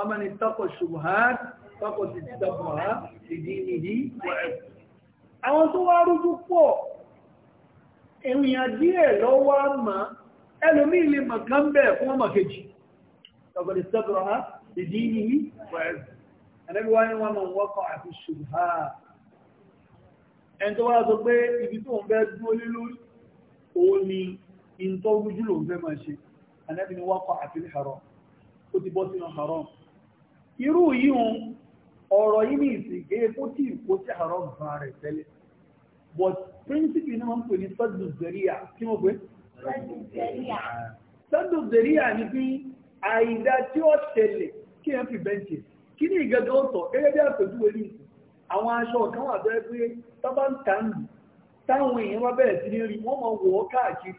Speaker 1: ọmọ ni tọ́kọ̀ ṣùgbọ́n pápọ̀ sí títàkùn àá ìdí ìdí àwọn tó wá rújú pọ̀ èèyàn díẹ̀ lọ́wọ́ àmà ẹlòmí ilé màkán bẹ̀ fún ọmọ kejì tọ́gbọ̀dẹ̀ tọ́gbọ̀rọ̀ àá ìdí ìdí ẹni tó wá sọ pé ibi tó ń bẹ́ dúó lé lórí òun ni ìntọ́ rújú lòun fẹ́ máa ṣe anẹ́bìnrin wákọ̀ àti haram ó ti bọ́ sínú haram irú yíhun ọ̀rọ̀ yìí ní ìsìnké kó tí ìkó tí àrọ̀ bá rẹ̀ but principle ni wọ́n ń pè ní sọ́dún kí wọ́n pè sọ́dún kele ni bí àìdá tí ó ṣẹlẹ̀ kí ẹ fi bẹ́ǹkì kí ní ó aṣọ kan wà bẹ́ẹ̀ pé tọ́bá ń tà ń lù táwọn èèyàn bá bẹ̀rẹ̀ sí ní rí wọ́n mọ̀ wọ́ káàkiri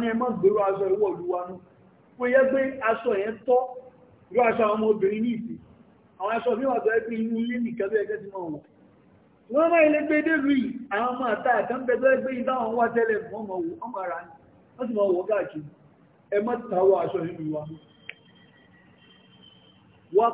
Speaker 1: ni ẹ má gbèrú aṣọ wa nù yẹ pé àwọn aṣọ bí wọ́n sọ pé inú ilé nìkan bí ẹgbẹ́ ti mọ̀ wọ̀ wọ́n máa ilé gbé délùú yìí àwọn ọmọ àtà àtàǹbẹ̀ tó gbé yìí táwọn wá tẹ́lẹ̀ wọ́n mọ̀ wò ọmọ ara ni wọ́n sì mọ̀ wò káàkiri ẹ mọ́ ti tàwọ̀ aṣọ nínú wa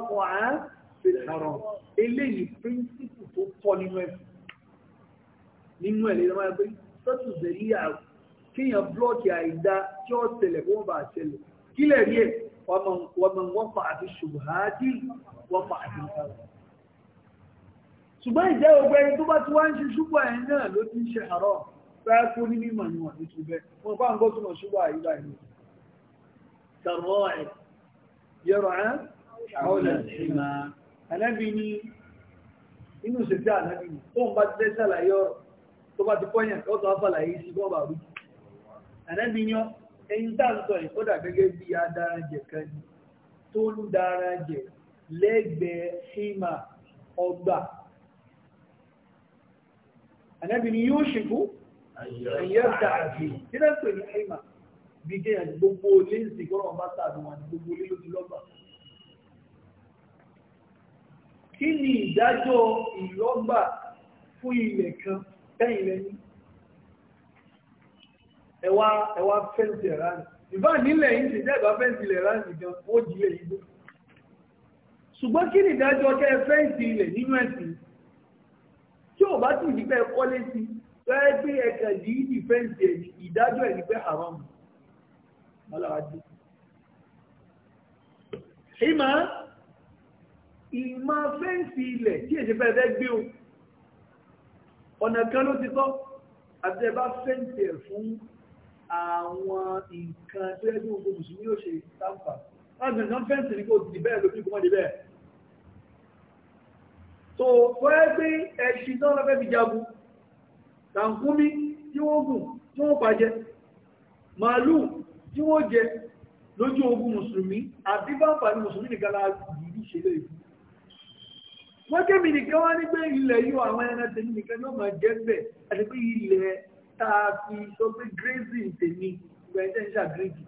Speaker 1: wọ́n rí ẹ̀ ومن وقع في الشبهات وقع في الكلام ṣùgbọ́n ìjẹ́ ogun ẹni tó bá ti wá ń ṣe ṣùgbọ́n ẹni náà ló ti ń ṣe haram fẹ́ kú ní mímọ̀ ní wọ̀n nítorí bẹ́ẹ̀ wọ́n bá ń gọ́ túnmọ̀ ṣùgbọ́n àyíká ìlú tẹ̀rọ ẹ̀ yẹ̀rọ ẹ̀ ẹ̀yin tá ń sọ yìí kódà gẹ́gẹ́ bí adarajẹ̀ kan ni tó ń darajẹ̀ lẹ́gbẹ̀ẹ́ hímà ọgbà ànábì ni yóò ṣìkú ẹ̀yẹ́ta àti ìdẹ́pẹ̀ ní hímà bí kí ẹ̀yàn gbogbo olé ń kí ni ìdájọ́ ìlọ́gbà fún ilẹ̀ kan tẹ́yìn lẹ́yìn ẹwà ẹwà fẹ́ǹsì ẹ̀rá ni ìbá nílẹ̀ yìí ti dẹ́gbà fẹ́ǹsì ilẹ̀ ẹ̀rá ni gan wọ́n jílẹ̀ yìí bó ṣùgbọ́n kí ni ìdájọ́ kẹ́ fẹ́ǹsì ilẹ̀ nínú ẹ̀sìn tí ò bá tì nípa ẹ̀kọ́lé sí fẹ́ẹ́ gbé ẹ̀kẹ́ yìí ní fẹ́ǹsì ẹ̀ ní ìdájọ́ ẹ̀ ní pé haram mọ́láwájú. ìmọ̀ ìmọ̀ fẹ́ǹsì ilẹ̀ tí èsì fẹ́ẹ́ fẹ́ gbé o ọ̀nà kan ló ti tọ́ àti ẹ bá fẹ́ǹsì ẹ̀ fún àwọn nǹkan tó yẹ kí gbogbo mùsùlùmí yóò ṣe sáǹfà láti nǹkan fẹ́ǹsì ní kò dì bẹ́ẹ̀ lómi kò mọ́ dì bẹ́ẹ̀ tó fọ́ ẹ́ pé ẹ̀ṣin tó lọ́fẹ́ fi jagun tàǹkúmí tí wọ́n gùn tí wọ́n pàjẹ́ màálù tí wọ́n jẹ lójú ogun mùsùlùmí àti bàbá ní mùsùlùmí nìkan la yìí ṣe lè fi wọ́n kẹ́mi nìkan wá ní pé ilẹ̀ yóò àwọn ẹran tẹ̀lé nìkan yóò máa jẹ́ bẹ́ẹ̀ àti pé ilẹ̀ tá a fi sọ pé grazing tèmi ìgbà ẹ̀jẹ̀ ń ṣàgíríkì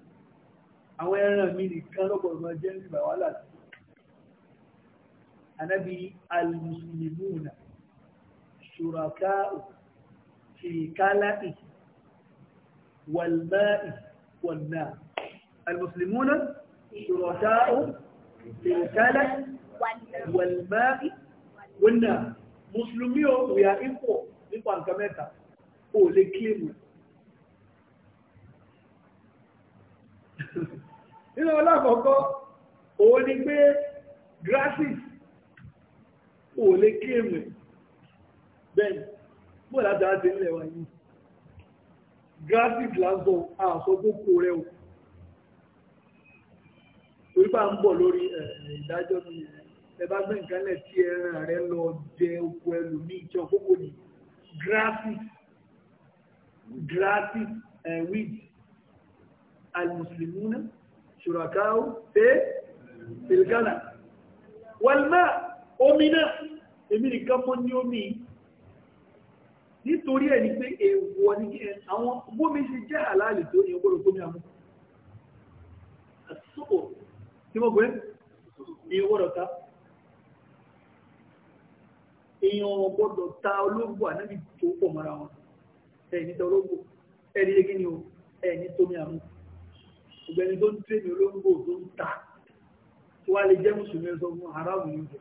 Speaker 1: àwọn ẹran mi nìkan lọ́gbọ̀gbọ̀n jẹ́ ìgbà wàhálà sí anábì alìmùsùlùmùnà ṣùràkáù ṣìkálàì wàlmáì wàlná alìmùsùlùmùnà ṣùràkáù ṣìkálàì wàlmáì wàlná mùsùlùmí ò wùyà ipò nípa nǹkan mẹ́ta o lè kílèmù. nínú ọlọ́kọ̀ọ́kọ́ o ni pé graphics o lè kílèmù bẹ́ẹ̀ bó láti láti ilẹ̀ wa yìí graphics lásán àsọgbókò rẹ o torí bá ń bọ̀ lórí ìdájọ́ mi ẹ bá gbé nǹkan lẹ̀ tí ẹran rẹ lọ jẹ oko ẹlòmíì jọ kókò ní graphics grasses and weeds. المسلمون شركاء في في الغنى والماء omina èmi nìkan mo ní omi nítorí ẹ̀ ní pé èèwọ̀ ní kí àwọn bómi ṣe jẹ́ àlàálì tó ní ọgbọ́rọ̀ gómi àmú àsopọ̀ tí mo gbé ní ọgbọ́rọ̀ ta èèyàn ọgbọ́dọ̀ ta olóògbò ànábì tó pọ̀ mọ́ra wọn ẹni tó olóńgbò ẹni yé kíni o ẹni tómi àmú ọ̀gbẹ́ni tó ń tẹ̀lé olóńgbò tó ń ta tó wá lè jẹ́ mùsùlùmí sọ fún aráàlú yìí jẹ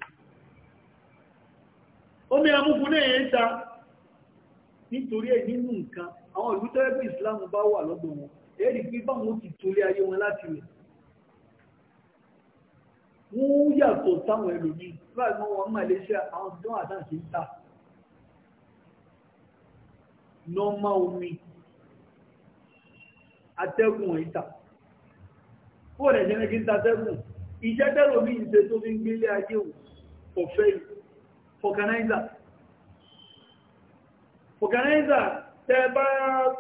Speaker 1: omi amúkun náà yẹn ń ta nítorí ẹ̀ nínú nǹkan àwọn ìlú bá wà lọ́dọ̀ wọn pé báwọn ti Malaysia ta lọ mọ́ omi atẹ́gùn ìta kó rẹ̀ jẹ́ kí n ta atẹ́gùn iṣẹ́ tẹ́rọ mi ìṣe tó fi ń gbélé ayé wò ọ̀fẹ́ fọ̀kanáìzà fọ̀kanáìzà tẹ́ bá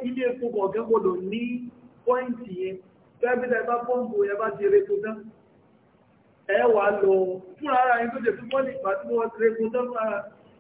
Speaker 1: ilé epo kọ̀ọ̀kan gbọ́dọ̀ ní pọ́ìntì yẹn kẹ́bíta ẹbá pọ́ǹpù ẹbá ti rẹ̀ kútán ẹwà lọ fún ara yìí tó jẹ́ fún pọ́ǹpù ìpàtí wọ́n rẹ̀ kútán fún ara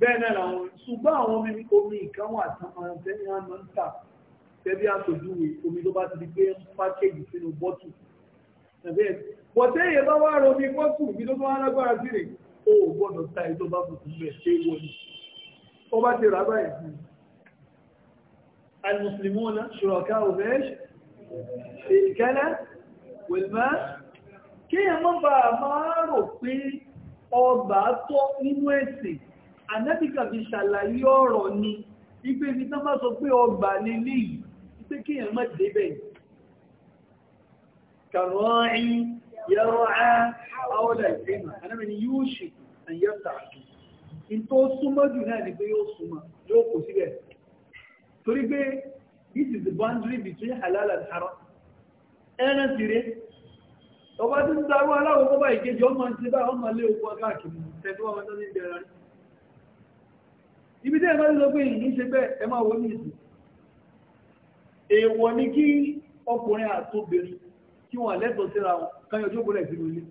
Speaker 1: bẹ́ẹ̀ náà làwọn ṣùgbọ́n àwọn omi omi ìkan wà tán máa ń tẹ́lẹ̀ hàn máa ń tà tẹ́bí àtòjúwe omi tó bá ti di pé ń pákéjì sínú bọ́tù bọ̀tẹ́ èyẹ bá wá rọ omi bọ́tù ibi tó bá wá lágbára sí rè ó gbọ́dọ̀ ta èyí tó bá kù fún bẹ́ẹ̀ ṣé wọlé ó bá ti rà báyìí fún un. المسلمون شركاء بإيش؟ في الكلى والماء kí ẹ má bàa máa rò pé ọba tó nínú ẹ̀sìn ànẹ́bìkà fi ṣàlàyé ọ̀rọ̀ ni ipé ibi tán bá sọ pé ọgbà ní líì ipé kí èèyàn má débẹ̀ kàrọ̀ọ́rin yẹ̀rọ á áwọ́lẹ̀ ìfẹ́mà ànẹ́bì ni yóò ṣe àyẹ́ tààtù in tó súnmọ́ jù náà ni pé yóò súnmọ́ yóò kò síbẹ̀ torí pé this is the boundary between halal and haram tí ń darú aláwọ̀ kọ́bá ìkejì ọmọ ti bá ọmọ lé oko káàkiri tẹ́tí wọn mọ́tọ́ ní ìdẹ̀rẹ̀ rẹ̀ ibi tẹ́ ẹ̀ máa ń lọ ṣe ẹ máa ní ìsìn èèwọ̀ ni kí ọkùnrin àtobìnrin kí wọ́n lẹ́tọ̀ọ́ síra wọn káyọ̀ jókòó rẹ̀ sínú ilé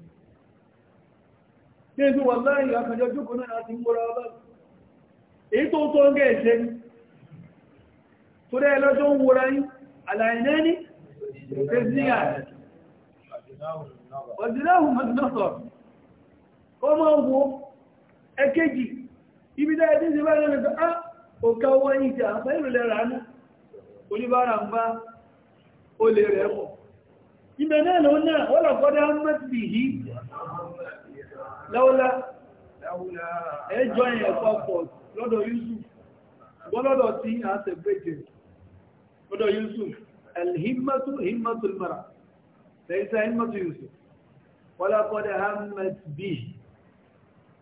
Speaker 1: nínú wà láàrin àkànjọ jókòó náà láti múra ọlá èyí tó tó ń gẹ́ ẹ̀ṣẹ́ ní tó ẹlọ́jọ́ ń ní ọmọ ibi dá ẹ̀dí sí báyìí lọ́nà á òkà owó yìí ti àpá ìrìnlẹ̀ rà ní oníbàárà ń bá olè rẹ̀ pọ̀ ibẹ̀ náà lọ náà wọ́n lọ kọ́dá mẹ́sì yìí
Speaker 2: lọ́wọ́lá ẹjọ́ yẹn pọ̀pọ̀
Speaker 1: lọ́dọ̀ Yusuf gbọ́lọ́dọ̀ tí a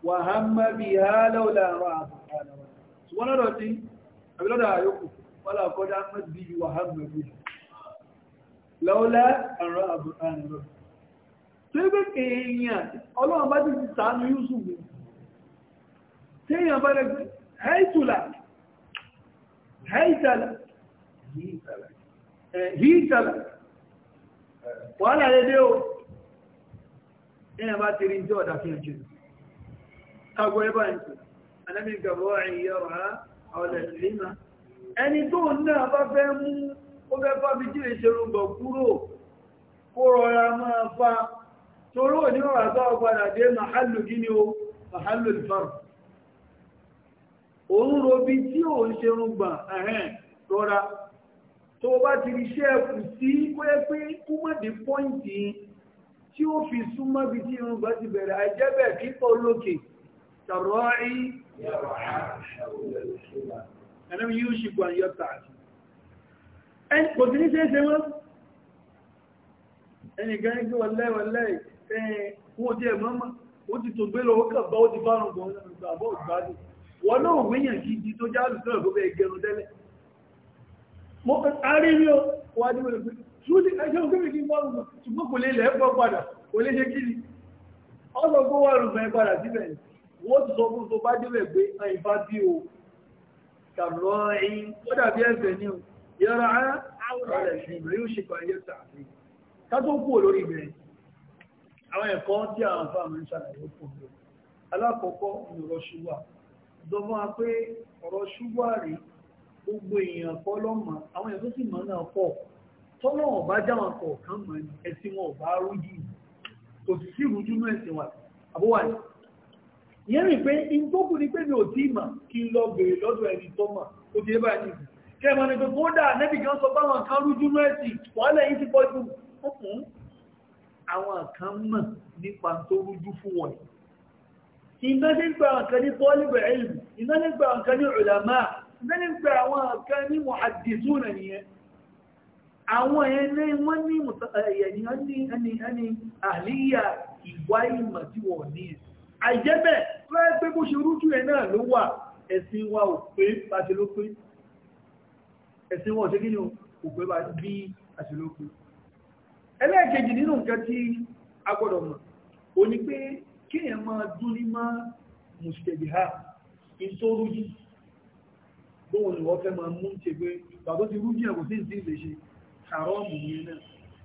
Speaker 1: wàhámà bí i hálàwòlà àwọn àbùkálà wọn ṣùgbọ́n lọ́dọ̀ tí àbílọ́dọ̀ àyókù wọ́n làkọ́dá mọ́tí bí i wàhámà bí i lọ́wọ́lá àwọn àbùkálà wọn tó yẹ pé èèyàn ọlọ́run bá o èèyàn bá ti rí ní ọ̀dà fi hàn kagbọ́ ẹbá ìsì anábì gàbọ́ ìyọ́ra ọ̀lẹ̀ ìlímà ẹni tó náà bá fẹ́ mú ó fẹ́ bá bí jíre ṣe rúgbọ̀ kúrò kó rọra máa fa toró ní ọ̀rọ̀ àgbà ọ̀padà dé màhálù gíní o màhálù ìfarò òun robi tí ò ń ṣe rúgbà ẹ̀hẹ́n rọra tó bá ti rí iṣẹ́ ẹ̀kù sí pé kó má pọ́ìntì tí ó fi súnmọ́ bí tí irun bá ti bẹ̀rẹ̀ àìjẹ́bẹ̀ kíkọ́ lókè كالراعي أنا يوشك أن يرتعش ẹni kò sí ní ṣe é ṣe wọ́n ẹnìkan ẹgbẹ́ wọlé wọlé wọ́n ti ẹ̀mọ́ mọ́ ó ti tó gbé lọ ọkà bá ó ti fárùn bọ̀ nígbà bọ́ ìgbàdì wọ́n náà wíyàn gidi tó já lù sílẹ̀ gbogbo ẹgẹrun tẹ́lẹ̀ mo arí rí o wà ní wọlé ṣúlẹ̀ ẹjọ́ gbé kí fárùn bọ̀ ṣùgbọ́n kò lè lẹ́ẹ̀kọ́ padà kò lè ṣe kí wọ́n ti sọ fún tó bá débẹ̀ pé ẹ̀yìn bá bí o kàrọ ẹ̀yìn ó dàbí ẹ̀fẹ̀ ní o yẹ́ra á rẹ̀ sí ìrìn ó ṣe kọ̀ ẹ̀yẹ tààfin ká tó kú lórí ibẹ̀ àwọn ẹ̀kọ́ tí àwọn afáàmì ń ṣàlàyé ó pọ̀ a pé ọ̀rọ̀ ṣúgbà rí gbogbo èèyàn kọ́ lọ́mọ àwọn èèyàn tó sì mọ̀ náà pọ̀ tọ́lọ́wọ̀n bá jáwọn kọ̀ọ̀kan mọ̀ ẹ̀sìn wọn ò rújì kò sí ìrújú náà wà àbúwà yìí ìyẹn rìn pé in tó kù ní pé mi ò tí mà kí n lọ bèèrè lọ́dọ̀ ẹni tó mà ó ti bá ẹni kẹmọ ni pé kódà nẹ́bì kan sọ báwọn kan rújú mẹ́sì wàhálẹ̀ yìí ti pọ́jú fún àwọn kan mọ̀ nípa tó rújú fún wọn iná nígbà kan ní tọ́lìbẹ̀ ẹ̀lù iná nígbà kan ní ọ̀làmá iná nígbà àwọn kan ní mọ̀hàdìsú nà nìyẹn àwọn ẹni wọ́n ní àhìlíyà ìwá tí wọ́n ní ẹ̀ àìjẹ́bẹ̀ fẹ́ pé bó ṣe rújú ẹ̀ náà ló wà ẹ̀sìn wa ò pé bá ṣe ló pé ẹ̀sìn wa ò ṣe kíni ò pé bá bí a ṣe ló pé ẹlẹ́ẹ̀kejì nínú nǹkan tí a gbọ́dọ̀ mọ̀ ò ní pé kíyàn máa dún ní máa mùsùlùmí ha ìtòrújú bóun ni wọ́n fẹ́ máa mú ṣe pé bàbá ti rújú ẹ̀ sí ìdí ìlè ṣe yẹn náà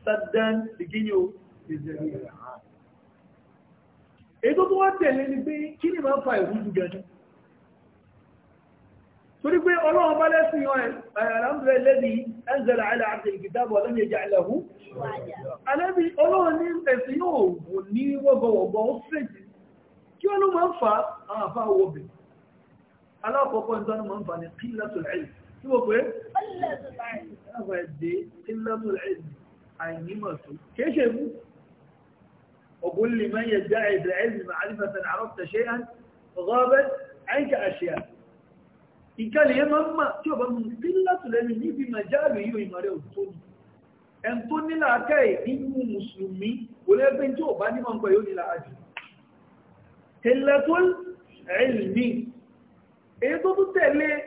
Speaker 1: sádán ìkíni ò èyí tó tó wá tẹ̀lé ni pé kí ni máa ń fa ìrújú gẹ̀ẹ́jú torí pé ọlọ́run bá lẹ́sìn ọ̀rẹ́ lẹ́bí ẹnzẹ̀lẹ̀ àìlà àti ìgbìdàbọ̀ lẹ́yìn ẹjẹ́ àìlẹ̀hú alẹ́bí ọlọ́run ní ẹ̀sìn yóò wò ní wọ́gbọ̀wọ̀gbọ̀ ó fèjì kí wọ́n ló máa ń fa àwọn àfá owó bẹ̀ alákọ̀ọ́kọ́ ṣe fún وكل من يدعي بالعلم معرفة عرفت شيئا غابت عنك أشياء إن كان يما ما شوف من قلة لأنه في مجال هي ماريو تون إن تون لا كاي إنه مسلمي ولا بنتو بعد ما نقول لا أجل قلة العلم إيه تو تتعلي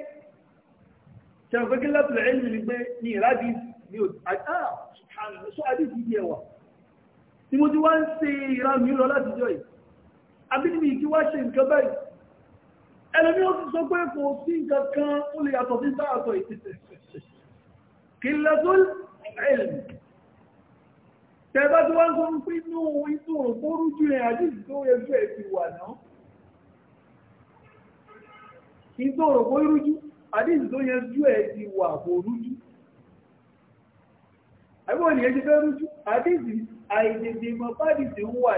Speaker 1: شوف قلة العلم اللي بني رادي نيود آه سبحان الله سؤالي تيجي واحد ni mo ti wá ń ṣe ìran mi lọ láti jọ yìí abínibí kí wá ṣe nǹkan báyìí ẹlẹ́mí ó ti sọ pé kò sí nǹkan kan ó lè yàtọ̀ sí sáàtọ̀ ìtìtẹ̀ kí lẹ́tọ́ ẹ̀lì tẹ́bá tí wọ́n sọ pé inú inú òkúrú ju ẹ̀ tó ẹgbẹ́ ẹgbẹ́ òní ẹ àìdèdè mọ̀ báyìí ti ń wà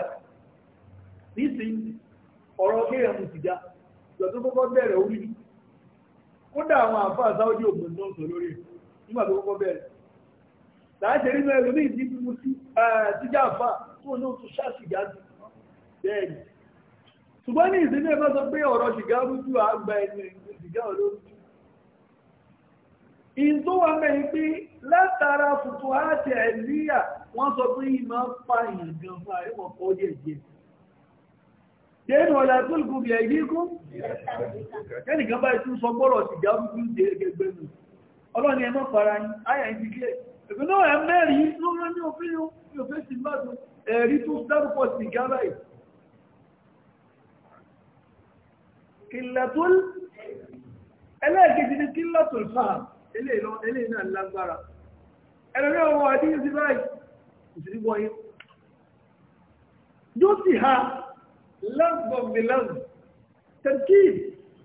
Speaker 1: nísìnyí ọ̀rọ̀ kéèyàn mu ti já ìgbà kọ́kọ́ bẹ̀rẹ̀ orí ni àwọn àǹfààní sáwọ́dí sọ lórí nígbà tó kọ́kọ́ bẹ̀rẹ̀ láti rí mẹ́rin ní ìdí mímú sí àfà tó ní oṣù ṣùgbọ́n ní ìsinmi ẹ̀fọ́ sọ pé ọ̀rọ̀ ṣìgá ìdó wa mẹ́rin pé látara tuntun àti ẹ̀líyà wọ́n sọ pé ìmọ̀ pa èèyàn gan fún àríwọ̀n kọ́ díẹ̀ díẹ̀ dénú ọ̀là tó lùkù bí ẹ̀yí kú kẹ́nìkan bá ìtún sọ gbọ́rọ̀ sí ìjà fún fún dé gẹ́gẹ́ nù ọlọ́ni ẹmọ́ fara yín ayà ń dìgbẹ́ ẹ̀gbẹ́ náà ẹ̀ mẹ́rin ló rán ní òfin ní òfin sí gbádùn ẹ̀rí tó dárúkọ sí ìjà báyìí kìlẹ̀tún ẹlẹ́ẹ̀kejì ní kìlẹ̀tún fáàmù eléyìí náà lágbára ẹlẹ́rẹ́ ọmọ àdíyí sí báyìí ìsìnkú wọ́nyí yóò sì ha lágbọ̀nbìlànà tẹ̀kí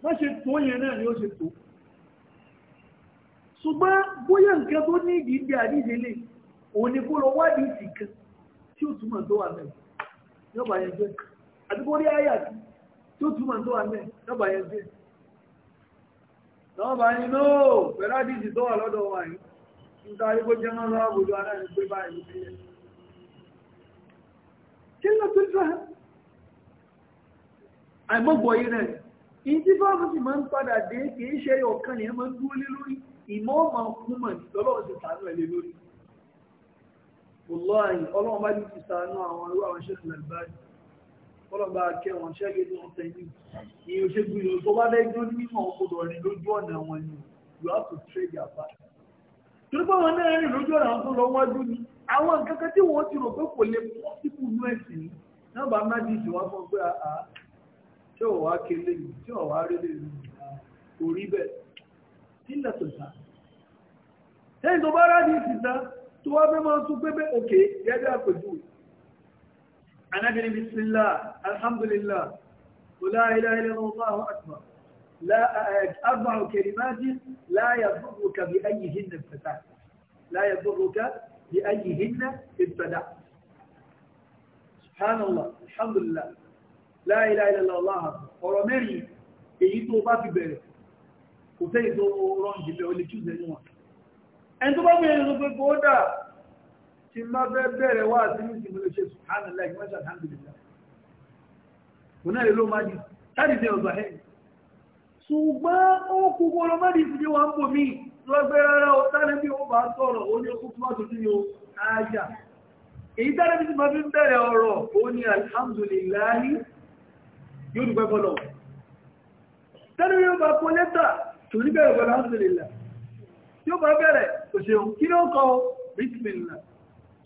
Speaker 1: má ṣe tó yẹn náà ni ó ṣe tó ṣùgbọ́n bóyá nǹkan tó ní ìdí ìdí àdíyí lè òní kó lọ wádìí ìdí kan tí ó túmọ̀ tó wà mẹ́rin yọba yẹn jẹ́ àdúgbò rí ayé tí ó túmọ̀ tó wà mẹ́rin yọba yẹn jẹ́ lọ́ọ̀bá ní nóò pẹ̀lú àdìsí tó wà lọ́dọ̀ wà yìí nítorí kó jẹ́ mọ́lá àbòdó aláìní pé báyìí sílẹ̀ kí ló tó fẹ́ àìmọ́gbọ̀ yìí rẹ̀ ìdí fáwọn sì máa ń padà dé kì í ṣe ọ̀kan yẹn máa dúró lé lórí ìmọ̀ ọ̀mà kúmọ̀ lọ́lọ́run ti sàánú ẹ̀ lé lórí ọlọ́run bá ní ti sàánú àwọn irú àwọn ṣẹ́kùn kọ́lọ̀gbà kẹ́ wọn ṣẹ́gẹ́ ní ọ̀tẹ̀ yìí ní òṣèlú ìlú tó bá lẹ́jọ́ ní mímọ̀ ọkọ̀dọ̀ rìn lójú ọ̀nà wọn ni you have to trade their back. torí pé wọn náà rìn lójú ọ̀nà tó lọ wájú ni àwọn kankan tí wọ́n ti rò pé kò lè pọ́ sípò inú ẹ̀sìn ní nọ́mbà májì tí wọ́n fún pé àá ah, tí ah, ò wá kele yìí tí ò wá rélé yìí ah, kò rí bẹ́ẹ̀ nílẹ̀ tó ta. lẹ́yìn tó bá rádìí ìsìta anábìrì bisimilá alhamdulillah la ilaha illallah akbar la arba kalimati la yadurruka bi ayyihinna ibtada la yadurruka bi ayyihinna ibtada subhanallah alhamdulillah la ilaha illallah ọ̀rọ̀ mẹ́rin èyí tó bá fi bẹ̀rẹ̀ kò fẹ́ ìtò ọ̀rọ̀ ìjìnlẹ̀ olè tí má fẹ́ bẹ̀rẹ̀ wá sí ní ìsinmi lè ṣe sùhánà láì mọ́ṣà alhamdulillah kò náà lè ló máa di láti ṣe ọ̀gbà ẹ̀ ṣùgbọ́n ó kú kó lọ máa di ìsinmi wa ń bò mí lọ́gbẹ́ rárá o sáré bí ó bá sọ̀rọ̀ ó ní ó kú tó má tójú yóò ájà èyí sáré bí ma fi ń bẹ̀rẹ̀ ọ̀rọ̀ ó ní alhamdulillah yóò dùgbẹ́ fọlọ́ sáré bí ó bá kó lẹ́tà tò ní bẹ̀rẹ̀ pẹ̀lú alhamdulillah yóò bá bẹ̀rẹ̀ òṣèlú kí ló ń kọ́ bísmìlá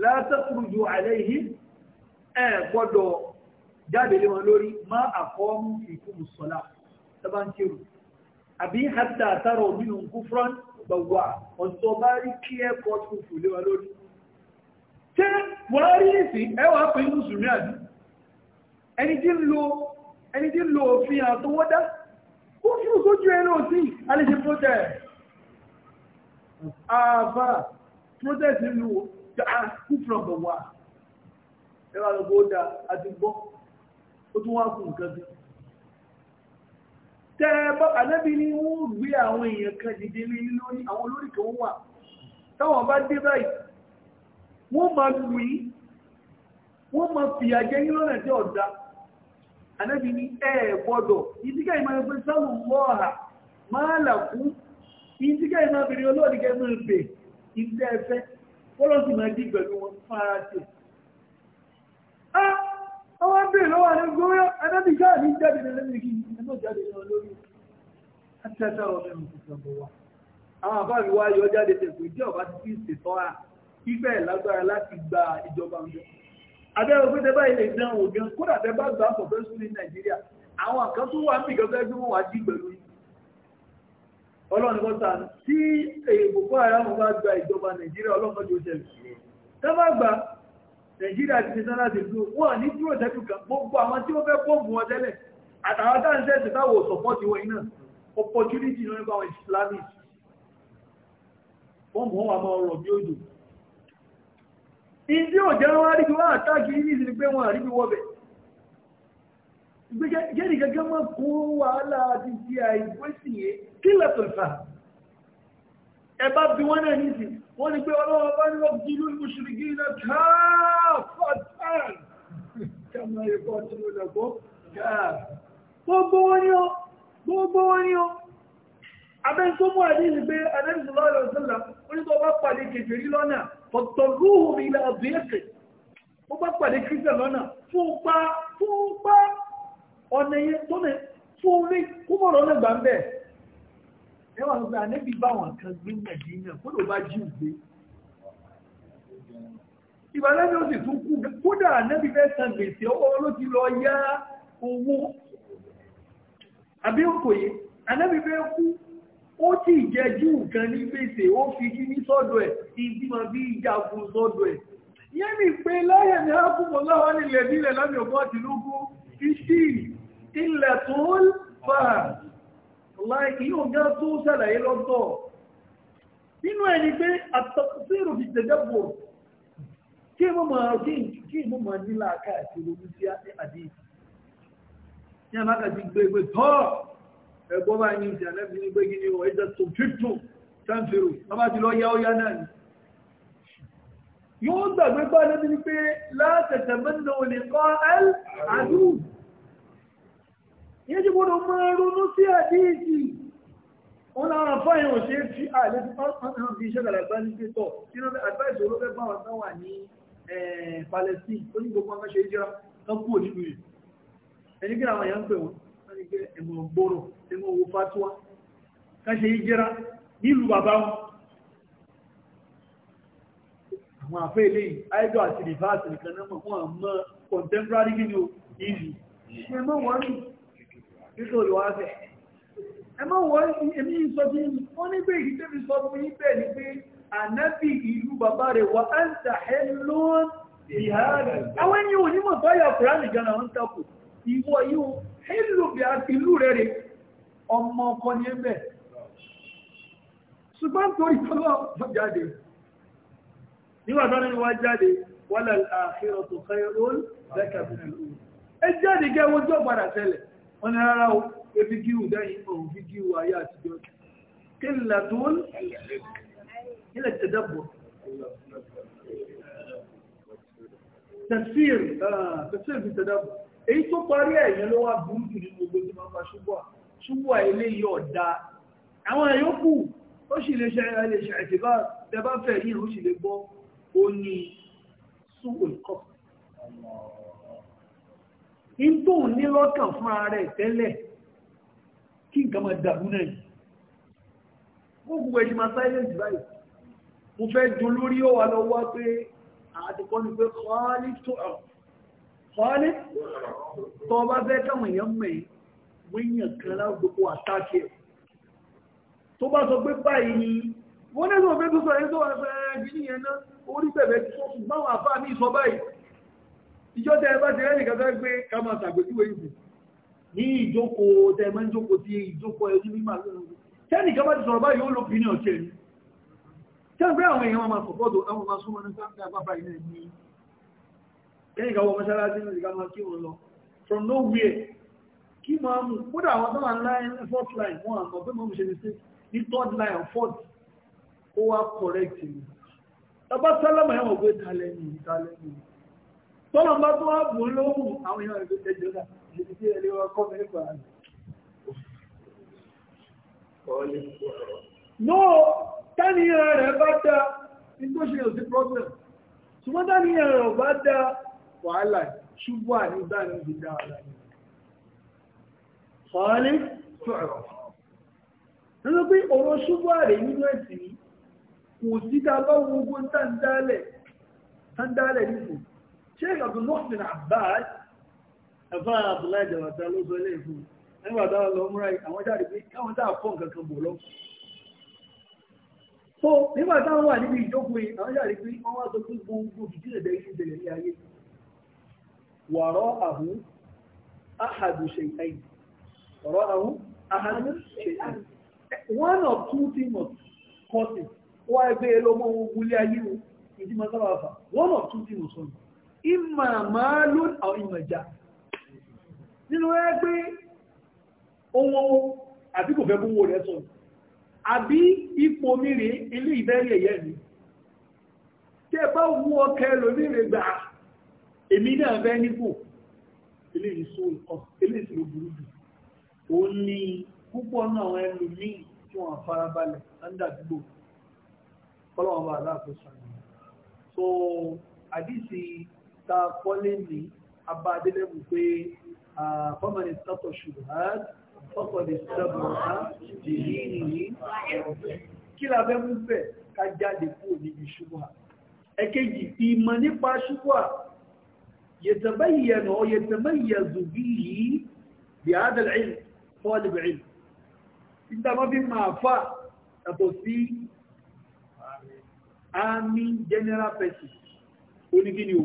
Speaker 1: látàkùrùjù àlẹ́yìí ẹ gbọ́dọ̀ jáde lé wọn lórí má àkọ́mú ìkúmù sọ́lá tọ́bá ń kírù àbí hàtà àtàrà nínú kúfrán gbogbo ọ̀tọ̀ bá rí kí ẹ kọ́ tó fò lé wọn lórí ṣé wọ́n rí ìsìn ẹ wàá pè mùsùlùmí àbí ẹni tí ń lo ẹni tí òfin àtọwọ́dá ó fi òsójú ẹ náà sí alẹ́ protest kúfùrọ̀ bọ̀ wà ẹwà lọ́gbọ́ ó dáa àti gbọ́ ó tún wá kún nǹkan bí tẹ́ bọ́ ànábì ni wọ́n gbé àwọn èèyàn kan dìde ní lórí àwọn olórí kan wà táwọn bá dé báyìí wọ́n máa lù yí wọ́n máa fìyà jẹ yín lọ́nà tí ọ̀dá ànábì ni ẹ gbọ́dọ̀ ìdíkà ìmọ̀ ẹgbẹ́ sáwọn mọ́ọ̀hà máa làkú ìdíkà ìmọ̀ obìnrin olóòdìkẹ́ mọ́ ìbẹ̀ ìdẹ́ ẹfẹ́ kọ́lọ́sì máa jí pẹ̀lú wọn fara ah ọwọ́ ń bèèrè lọ́wọ́ àwọn gbogbo ẹ̀dẹ́bí káà ní jáde lẹ́nu kí ẹ̀mọ́ jáde lọ lórí àtẹ́sà ọ̀rọ̀ ẹ̀mọ́ tuntun bọ̀ wá. àwọn àbáàrí wa yọ jáde tẹ̀kọ̀ ìdí ọ̀bá ti fi ṣètọ́ra pípẹ́ lágbára láti gba ìjọba ọjọ́. abẹ́rẹ́ pé tẹ́ báyìí lè dán ògán kódà tẹ́ bá gbà pọ̀ fẹ́ sún ní Nàìjíríà àwọn àkántó wà ń bì ọlọ́run kọ́ sàánú tí èèbùkọ́ àrámù bá gba ìjọba nàìjíríà ọlọ́run tó ṣẹlẹ̀ tọ́bá gba nàìjíríà ti ṣe sára ti dúró wọ́n ní dúró tẹ́tù kan gbogbo àwọn tí wọ́n fẹ́ pọ́ǹpù wọn tẹ́lẹ̀ àtàwọn táǹsẹ̀sì opportunity ló nípa àwọn islamic pọ́ǹpù wọn wà máa rọ̀ bí òjò ìdí òjò wọn rí bí jẹ́rì gẹ́gẹ́ mọ́ kó wàhálà àti ti àìgbé sí yé kí lẹ́tọ̀ ìfà ẹ̀bá bí wọ́n náà nìsí wọ́n ni pé ọlọ́wọ́ bá ní wọ́n jí lórí mùsùlùmí iná káàfàtàn kàmà ẹ̀kọ́ tí ó lẹ́kọ́ gbogbo wọn ni ó gbogbo wọn ni ó abẹ́ tó mú àdé lọ́nà fún pa fún pa ọ̀nà yẹn tó lè tún rí kúmọ̀rọ̀ lẹ́gbà ń bẹ̀ ẹ wà lọ́gbà níbi báwọn kan gbé nàìjíríà kó ló bá jíù gbé ìbàlẹ́ ni ó sì tún kú kódà níbi fẹ́ san gbèsè ọwọ́ ló ti lọ yá owó àbí òkò yìí ànábì fẹ́ kú ó ti jẹ jíù kan ní gbèsè ó fi kí ní sọ́dọ̀ ẹ̀ ìdímọ̀ bí ìjagun sọ́dọ̀ ẹ̀ yẹ́nì pé láyẹ̀ ní ákùnmọ̀ láwọn ilẹ̀ nílẹ̀ lábẹ́ ọ̀pọ̀ àtìlógún kìí ilẹ̀ tó ń fà láìkí yóò gá tó sàlàyé lọ́tọ̀ nínú ẹni pé àtọ̀sírò fi tẹ̀jẹ́bò kí mọ́ máa kí kí mọ́ máa nílà káàkiri omi sí àdé ní àmáka ti gbé gbé tọ́ ẹ̀gbọ́n bá ní ìjà lẹ́bi ní gbé gíní ọ̀ ẹ̀jẹ̀ tó títù tẹ́ǹfìrò ọba ti lọ yá ó yá náà ni yóò gbàgbé bá lẹ́bi ní pé látẹ̀tẹ̀ mẹ́ta ò lè kọ́ ẹ́ àdúgbò yẹn ti gbọ́dọ̀ máa ronú sí àdíìsì wọn lára fáyìn ò ṣe fi àlẹ́ fi iṣẹ́ gàlàgbà ní pétọ̀ nínú advice olóbẹ́ bá wọn tán wà ní Palestine ó ní gbogbo ọmọ ṣe ìjọra kan kú òní lóye ẹni kí àwọn èèyàn ń pè wọn wọn ni pé ẹ̀mọ̀ gbọ́rọ̀ ẹ̀mọ̀ owó fatuwa ká ṣe ìjọra nílùú bàbá wọn àwọn àfẹ́ ilé àìjọ àti rìfáàsì nìkan náà mọ̀ wọn mọ contemporary gíní ìlú ẹ̀mọ̀ wọn rí nínú olùwà bẹ̀. ẹ má wọ èmi sọ bí wọ́n ní pé ìdí tẹ́mi sọ fún yín bẹ́ẹ̀ ni pé ànábì ìlú bàbá rẹ̀ wà á ń tà ẹ́ lóun ìhàrẹ̀. àwọn ẹni ò ní mọ̀ báyà kùránì gan náà ń takò ìwọ yóò hélò bí ìlú rẹ̀ rẹ̀ ọmọ ọkọ ní jáde nígbà tọ́lọ́ ni tẹ́lẹ̀ wọ́n ní rárá o pé fídíò dáyìn ọ̀hún fídíò ayé àtijọ́ kí n là tó ń
Speaker 2: ilẹ̀ tẹ̀dẹ̀bọ̀
Speaker 1: tẹ̀síìr tẹ̀síìr fi tẹ̀dẹ̀bọ̀ èyí tó parí ẹ̀yẹn ló wá burú jù nínú gbogbo tí máa ń fa ṣubú à ṣubú à eléyìí ọ̀dà àwọn ẹ̀yọ́kù ó sì lè ṣe àlè ṣe àtìbá tẹ bá yìí ó sì lè gbọ́ ó ní sùn òǹkọ́ in tó ń ní lọ́kàn fún ara rẹ̀ tẹ́lẹ̀ kí nǹkan máa dàbú náà yìí ó gbogbo ẹni máa silence báyìí mo fẹ́ jọ lórí ó wà lọ́wọ́ pé àtìkọ́ ni pé kọ́ọ́lì tó ọ̀ kọ́ọ́lì tó ọba fẹ́ káwọn èèyàn mẹ́ ìjọ tẹ́ bá ti rẹ́nìkan fẹ́ gbé ká máa ṣàgbéjúwe ìbò ní ìjókòó tẹ́ máa ń jókòó ti ìjókòó ẹni mímà lónìí tẹ́nìkan bá ti sọ̀rọ̀ báyìí ó ló pinnu ọ̀tẹ́ ni tẹ́gbẹ́ àwọn èèyàn máa sọ̀pọ̀tò àwọn máa súnmọ́ ní sáńtà pápá ilẹ̀ ní tẹ́nìkan wọ mọ́ṣáláṣí ní ìgbà máa kí wọn lọ from nowhere kí máa mú kódà àwọn tó wà láì fourth line wọn àmọ́ pé mọ́ mú ṣe ní sí ní third line or fourth ó wá correct ni tọ́bá sálámà ẹ̀wọ̀n pé talẹ́ ni talẹ́ ni tọ́lọ̀ bá tó wá bùn lóhùn àwọn èèyàn ìlú tẹ́jọ́ náà níbi tí ẹlẹ́ wọn kọ́ mẹ́fà rẹ̀. no táníyàn rẹ̀ bá dá nítorí ṣe òsì problem ṣùgbọ́n táníyàn rẹ̀ bá dá wàhálà ṣubú àníbá ní ti dá wàhálà ní.
Speaker 2: kọ́lé sọ̀rọ̀
Speaker 1: nínú pé ọ̀rọ̀ ṣubú àrẹ̀ nínú ẹ̀sìn kò sí ta bá wo gbogbo táńdálẹ̀ táńdálẹ̀ nìkan sheikh abdulmohsen abbas ẹ̀fọ́ abdullahi jabata ló sọ ilé ìfún nígbà táwọn lọ múra àwọn jáde pé káwọn táà fọ́ nǹkan bò lọ. so nígbà táwọn wà níbi ìjókòó yìí àwọn jáde pé wọ́n wá sọ pé gbogbo ìdílé bẹ́ẹ̀ yìí tẹ̀lé ní ayé wàrọ̀ àhún ahadu ṣèyí wàrọ̀ àhún ahadu one of two things must wọ́n ẹgbẹ́ ẹlọ́mọ ogun ìmọ̀ màálùn àwọn ìmọ̀ ìjà nínú ẹ pé ohun owó àbí kò fẹ́ kó wò rẹ̀ sọ àbí ipò mìírí ilé ìbẹ́rẹ̀ ẹ̀yẹ mi tí ẹ bá wú ọkẹ lórí rẹ̀ gbà èmi náà fẹ́ nípò ilé ìṣó ìkọ ilé ìṣòro burúkú ó ní púpọ̀ náà ẹlòmíì tí wọ́n farabalẹ̀ ẹ́ndàdúgbò kọ́lọ́wọ́n bá aláàkóso so àdìsí tá a kọ́ lé ní abá adélẹ́bù pé fọ́mọ̀lì sọ́tọ̀ ṣùgbọ́n fọ́kọ̀lì sọ́bùrọ̀ta dìrí nìyí kí la fẹ́ mú bẹ̀ ká jáde kúrò níbi ṣùgbọ́n ẹ̀kejì ìmọ̀ nípa ṣùgbọ́n يتبين أو يتميز به بهذا العلم طالب علم انت ما في معفى أتوسي آمين جنرال بيسي ونجينيو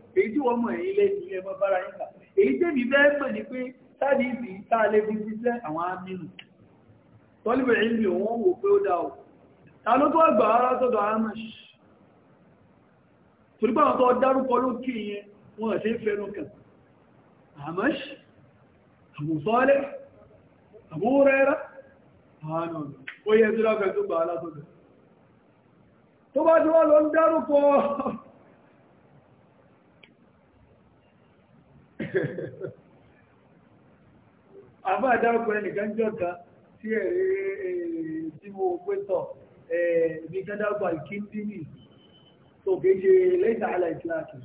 Speaker 1: èyí tí wọ́n mọ̀ ẹ̀yìn lẹ́yìn ilé ẹmọ bára yín kà èyí tẹ́mi bẹ́ẹ̀ mọ̀ ni pé sáàdì ìbí tá a lè fi ṣiṣẹ́ àwọn amínú tọ́lùbẹ̀ ìlú òun wò pé ó dá o ta ló tó àgbà ara sọ́dọ̀ amash torí pé àwọn tó dárúkọ lókè yẹn wọn ò ṣe é amash àbùsọ́lẹ̀ àbúrẹ́rẹ́ àwọn ó yẹ tó dákẹ́ tó gbà á lásọ̀dọ̀ tó bá ti wá lọ ń dárúkọ àbá àdárúkọ ẹnìkan jọ́ta tí ẹ̀rẹ́ eh, tí mo pé tọ̀ ẹ̀ẹ́dì kan dárúkọ àìkíndínì tó kéje lẹ́yìn àhàlà ìtìláàkì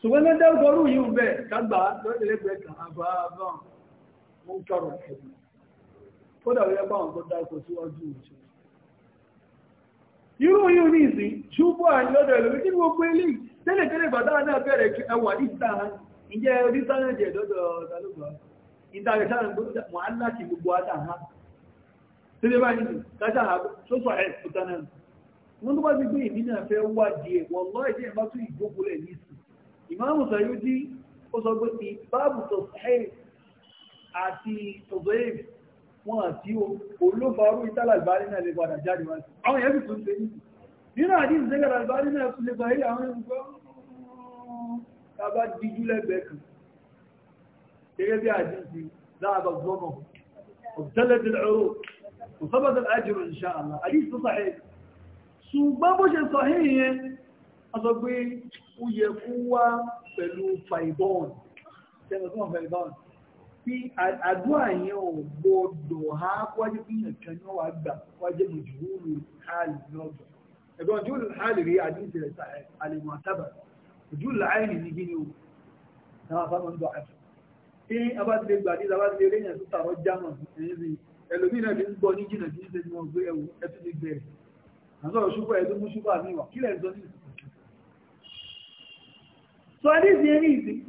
Speaker 1: ṣùgbọ́n ní dárúkọ orú yìí bẹ̀ kágbà lẹ́gbẹ̀ẹ́ kan àbá àbá mo ń kọrọ̀ ẹ̀dùn kódà ó yẹ báwọn tó dárúkọ síwájú ìṣẹ́ irú yìí ní ìsìn ṣùgbọ́n àyọ́dọ̀ ẹ̀lòmí kí ni mo pé lè tẹ́lẹ̀ tẹ́lẹ̀ bàtà náà bẹ̀rẹ̀ ẹwà ní ìta hàn ìjẹ́ orí sánàjì ẹ̀dọ́dọ̀ ọ̀tàlùgbà ìtàrẹ̀sára mọ́ aláti gbogbo àtàhá tí lé báyìí tàtàhá sósọ̀ ẹ̀ pùtánà wọ́n tó bá ti gbé ìmìnà fẹ́ wà díẹ̀ wọ́n lọ́ ẹ̀jẹ́ ìbá tún ìjókòlẹ̀ ní ìsìn ìmáàmù Sàyúdí ó sọ pé ti báàbù tọ̀sẹ̀ àti tọ̀sẹ̀ wọn àti olófarú ìtàlà àgbárí náà lè padà jáde wá sí àwọn yẹn sì tún ṣe nínú àdíjì sẹ́gàrà àgbárí náà tún lè gbà tàbá díjú lẹ́gbẹ̀ẹ́ kan gẹ́gẹ́ bí àdíjì láàbà gbọ́nà ọ̀tẹ́lẹ̀tẹ̀ ọ̀rọ̀ kò sábàtà àjírò insha Allah àdíjì tó sàhẹ́ ṣùgbọ́n bó ṣe sọ hí yẹn a sọ pé ó yẹ kó wá pẹ̀lú faibon tí àdúrà yẹn ò gbọdọ̀ ha wájú bí nǹkan ní wàá gbà wájú mọ̀jú wúlò ojú làáyìn ní gíní o náà fáwọn ń dọ̀ àjọ tí a bá ti lè gbà ní ìlàbá ti lè rí ìyẹn tó tàwọn jámọ̀ ẹ̀yìn ẹlòmíì náà ti ń gbọ́ ní jìnnà tí ń ṣe ní wọn gbé ẹwù ẹtù ti bẹ̀rẹ̀ àtọ́rọ̀ ṣúpọ̀ ẹ̀dọ́ mú ṣúpọ̀ àmì wà kílẹ̀ ń sọ ní ìsìn ẹni ìsìn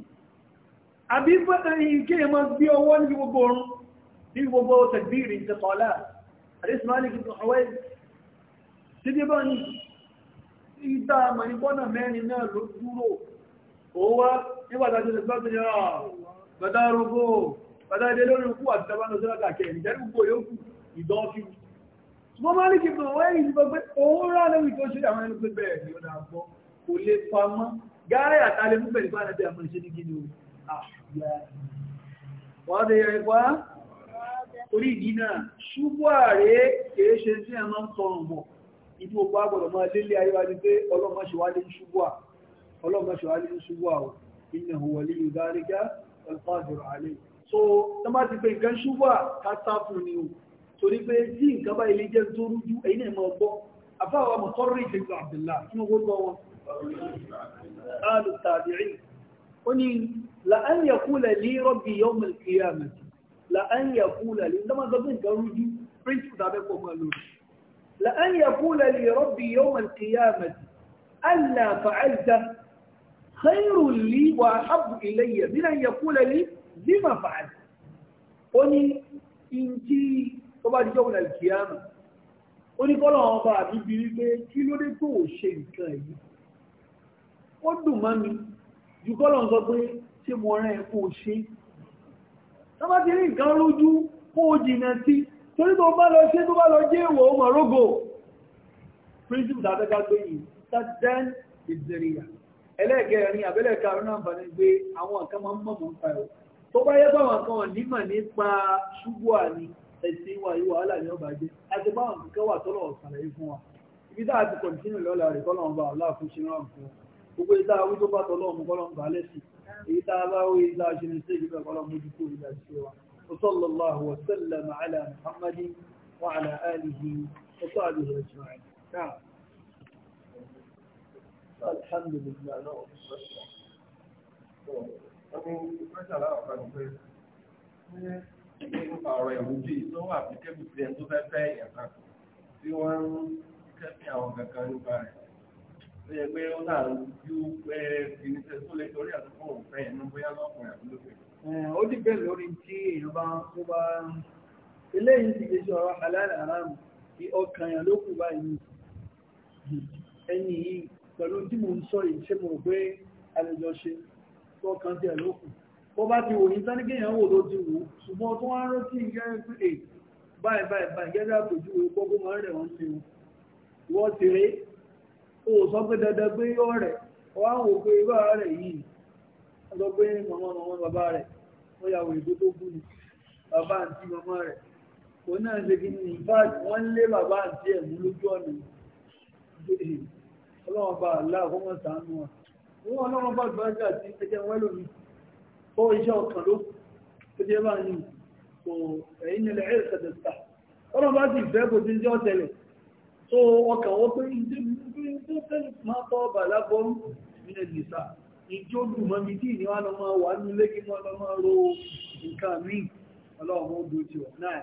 Speaker 1: àbí ìdá àmà ìbọ́nà mẹ́rin náà ló dúró òwá nígbàtàjẹ́ ni yá ah, bàtà rúgbò bàtà ilé lórí ikú àti tàbánà sí lákà kẹrin jẹ́ rúgbò yóò kù ìdán fi wọ́n máa ní kìtò wọ́n yìí sọ pé owó rà lórí tó ṣe àwọn ẹni pé bẹ́ẹ̀ ni ó dáa gbọ́ kò lè pamọ́ gáárẹ̀ àtàlẹ́ fún pẹ̀lú pàdé àmọ́ ìṣe ní gidi o ah, wọ́n ti orí ìdí náà ṣùgbọ́n àrẹ́ ṣe tí a máa ń tọrùn bọ̀ ibi gbogbo agbọ̀dọ̀ máa lélé ayébájú pé ọlọ́mọṣẹ́wálé ń ṣubú àwọn innahu waliyyu dhalika al-qadiru alayh so tó bá ti pé nǹkan ṣubú à kátá fún ni o torí pé tí nǹkan bá ilé jẹ́ tó rújú ẹ̀yìn ẹ̀ máa gbọ́ afáwa mọ̀tọ́rọ̀ ìdẹ́gbà Abdullah kí wọ́n gbọ́ wọn alu tabi'in ó ní la'an yaqula li rabbi yawm al-qiyamah لأن يقول لي ربي يوم القيامة ألا فعلت خير لي وأحب إلي من أن يقول لي لما فعلت أني إنتي وبعد يوم القيامة أني قال أبا بيبي كيلو دي تو شنكاي ó dùn mọ́ mi jù kọ́lọ̀ ń sọ pé ṣé mo rán torí tó bá lọ ṣe tó bá lọ jẹ́ ìwọ̀ ọmọ rógò prism tàbẹ́ká pé yìí sátẹ́n ìzẹ̀ríyà ẹlẹ́ẹ̀kẹrin àbẹ́lẹ̀ karùn-ún àǹfààní gbé àwọn nǹkan máa ń mọ̀ mọ́ pa ẹ̀ tó bá yẹ báwọn kan nímọ̀ nípa ṣubú àní ẹ̀sìn wa yìí wàhálà ní ọba jẹ́ àti báwọn kankan wà tọ́lọ̀ ọ̀sàlẹ̀ fún wa ibi tá a ti kọ̀ǹtínú lọ́la rẹ̀ kọ́lọ̀ ń bá ọ̀la fún ṣe rán fún gbogbo ìta awí tó bá tọ́lọ̀ ọ̀mù kọ́lọ̀ ń bá lẹ́sìn èyí tá a bá wí ìta ṣe ní sí ìgbẹ́ kọ́lọ̀ mójútó ìdájọ́ wa وصلى الله وسلم على محمد وعلى آله وصحبه أجمعين نعم الحمد لله
Speaker 2: nípa ọ̀rọ̀ ìrújú tó wà fún kébùsì ẹni tó fẹ́ fẹ́ èèyàn kan tí wọ́n
Speaker 1: ń kẹ́fì àwọn kankan nípa rẹ̀ ó yẹ pé ó náà ju pé kìíní tẹ́ tó lè torí àtúntò òun fẹ́ yẹn ní bóyá lọ́kùnrin àbúlóbìnrin ó dìbẹ̀ lórí tí èèyàn bá tó bá eléyìí ti gbé sí ọ̀rọ̀ aláàràmù bí ọkàn yàn ló kù báyìí ẹni yìí pẹ̀lú tí mo ń sọ yìí ṣe mo pé àlejò ṣe tó ọkàn tí ẹ̀ ló kù bó bá ti wò ní sáníkì èèyàn wò ló ti wò ṣùgbọ́n tó wá ń rántí gẹ́gẹ́ pé è báyìí báyìí báyìí gẹ́gẹ́ wọ́n sọ pé màmá bàbá rẹ̀ wọ́n yà wò ìbò tó kú ni bàbá àǹtí màmá rẹ̀ òun náà ṣe kí ni báàgì wọ́n lé bàbá àǹtí ẹ̀ mú lójú ọ̀nà ọlọ́run bá àlá àkọ́mọ̀ sàánú wa wọ́n ọlọ́run bá gbájú àti ẹjẹ́ wẹ́lò mi ó iṣẹ́ ọkàn ló tó jẹ́ bá ní kò ẹ̀yìn nílẹ̀ ẹ̀ ṣẹ̀dẹ̀ta ọlọ́run bá sì fẹ́ kò sí iṣẹ́ ọ̀tẹ̀lẹ̀ tó ọkàn wọ́n pé ìdí tó fẹ́ máa tọ́ bàlá bọ́rú nílẹ̀ nìsáà ìjólù mọ́bí tí ní wá lọ́mọ wà ní ilé kí wọ́n lọ́mọ ro nǹkan míì ọlọ́run ó dojú ọ̀ náà.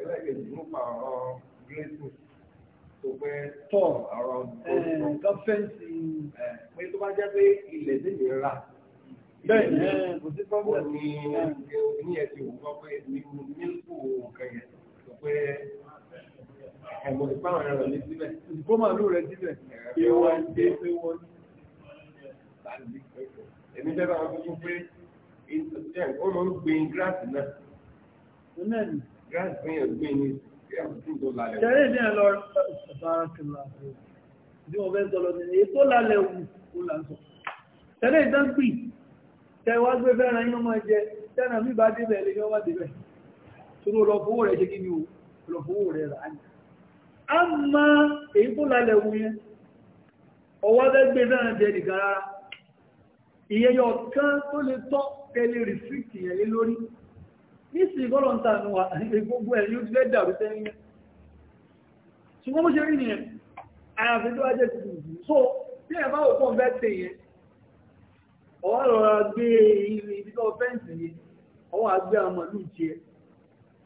Speaker 1: ẹlẹ́gbẹ̀ẹ́ ìgbópa ọ̀rọ̀ gírẹ́sùn tó pẹ́ tọ̀ ọ̀rọ̀ gọ́fẹ́ǹsì pé tó bá jẹ́ pé ilẹ̀ nílẹ̀ rà bẹ́ẹ̀ ni kò sí fọ́nbọ̀ ní ní ẹ̀sìn òkú pé ní mílíkù nǹkan yẹn tó pé
Speaker 2: ẹ̀mọ̀ ìpáwọn ẹ̀rọ ní síbẹ̀. ìgbómàlú rẹ̀ síbẹ̀. èèwọ̀
Speaker 1: ni èmi fẹ́ bá wọn tó tún pé ó lọ ń gbin gíráàsì náà gíráàsì fún yẹn gbin ní gíráàsì tó lálẹ́ wù. sẹ́yìn ní ẹ lọ bárakìlá bí wọ́n fẹ́ sọ lọ nínú èyí tó lálẹ́ wù ó là ń sọ. sẹ́yìn ìdán pì tẹ wá gbé fẹ́ràn yín máa jẹ sẹ́yìn mi bá débẹ̀ lè yọ́ wá débẹ̀ torí lọ fowó rẹ̀ ṣe kí ni o lọ fowó rẹ̀ rà á ní. a máa èyí tó lálẹ́ wù yẹn ọwọ́ fẹ́ gbé fẹ́ràn jẹ nìkan rárá ìyẹyọ kan tó lè tọ́ tẹ́lẹ̀ rìsíkì yẹn lé lórí nísì gọ́lọ̀ntà wà gbogbo ẹ̀ yóò fẹ́ dàrú sẹ́yìn ṣùgbọ́n bó ṣe rí nìyẹn àyàfi tó wájẹ́ ti dùn so bí ẹ̀ bá òpó ọ̀fẹ́ tẹ̀ yẹn ọwọ́ lọ́ra gbé irin ibi tó fẹ́ǹsì yẹn ọwọ́ àgbé àwọn màlúù tiẹ̀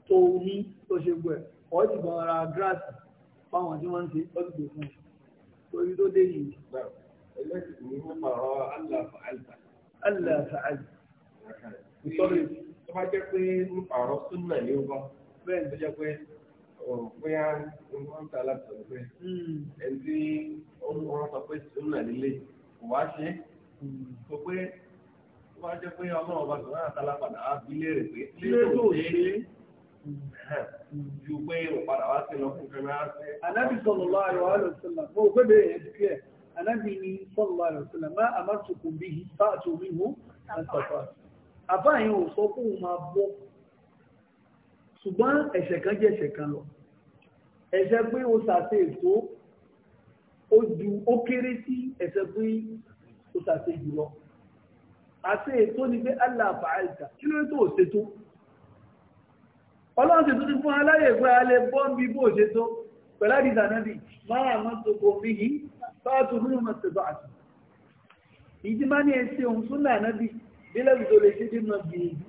Speaker 1: tó ní tó ṣe gbọ́ ẹ̀ ọwọ́ ti gbọ́n ra gíráàsì fáwọn tí wọ́n ń ṣe lọ́dún tó fún ẹ̀ torí tó dé yìí
Speaker 2: ọ̀rọ̀ aláfàálta.
Speaker 1: aláfàálta. nítorí tó bá jẹ́ pé ọ̀rọ̀ súnmọ̀ ní ó bọ́ bẹ́ẹ̀ tó jẹ́ pé bóyá wọ́n ta láti sọ pé hmm. ẹni tí wọ́n hmm. pé ọlọ́run bá sọ̀rọ̀ àtàlà padà bí léèrè pé
Speaker 2: léèrè ò ṣe é hmm. ju pé òpadà wá sí lọ fún kẹmẹ́rà sí. ànábì sọ̀rọ̀ lọ́wọ́ àyọ̀
Speaker 1: àlọ́ sílẹ̀ mo ò bẹ́ẹ̀ yẹn ti kí ẹ̀. anábì ní sọ́lọ́ rẹ̀ sílẹ̀ má a má tukùn bí i fáàtù mímú àtàkà àbá yẹn ò sọ fún ma bọ́ ṣùgbọ́n ẹ̀ṣẹ̀ kan jẹ́ ẹ̀ṣẹ̀ kan lọ ẹ̀ṣẹ̀ pé o ṣàṣe ètò ó ju ó kéré sí ẹ̀ṣẹ̀ pé o ṣàṣe jù lọ àṣẹ ètò ni pé allah fa'alta kí ló tó ṣe tó ọlọ́run ṣètò ti fún aláyè pé a lè bọ́ ń bí bó ṣe tó pẹ̀lú àdìsànàbì máa mọ́ tó kò bí yìí fáàtù nínú mọ̀tẹ̀dọ̀ àti ìdí máa ní ẹsẹ̀ ohun súnà ànábì délẹ́bù tó lè ṣe dé náà gbìyànjú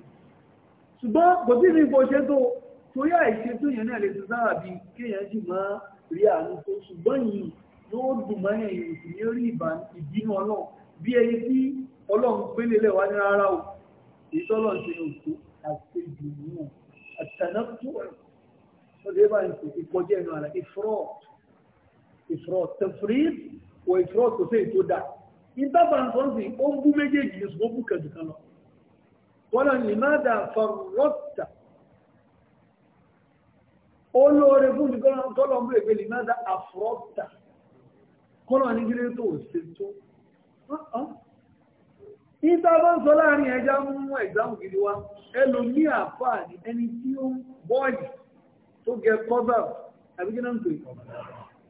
Speaker 1: ṣùgbọ́n kò sí ní ìfọṣẹ́ tó torí àìṣe tó yẹn náà lè ti sára bí kéèyàn sì máa rí àánú tó ṣùgbọ́n yìí yóò dùn máa yẹn yìí sì ní rí ìbínú ọlọ́run bí ẹni tí ọlọ́run gbélé lẹ́wà ní rárá o ìtọ́lọ̀ ṣe òkú àti ìdùnnú àtànáfù ọ̀rọ̀ ọdẹ bá ń pè é kọjá ìfúrọ̀ tẹ̀fúrí wọ ìfúrọ̀ tó sẹ́yìn tó dà ìtàbàǹsọ́nsìn ó ń bú méjèèjì ní ṣùgbọ́n bú kẹjù kan lọ wọ́n lọ ní máa dà fọ̀rọ̀tà olóore fún ti kọ́lọ̀ ń bú èpè ní máa dà àfọ̀rọ̀tà kọ́lọ̀ ní kí lè tó ṣe tó ìtàbàǹsọ láàrin ẹja mú ẹ̀gbáhùn gidi wa ẹlòmí àfáà ní ẹni tí ó ń bọ́ọ̀lì tó gẹ kọ́bà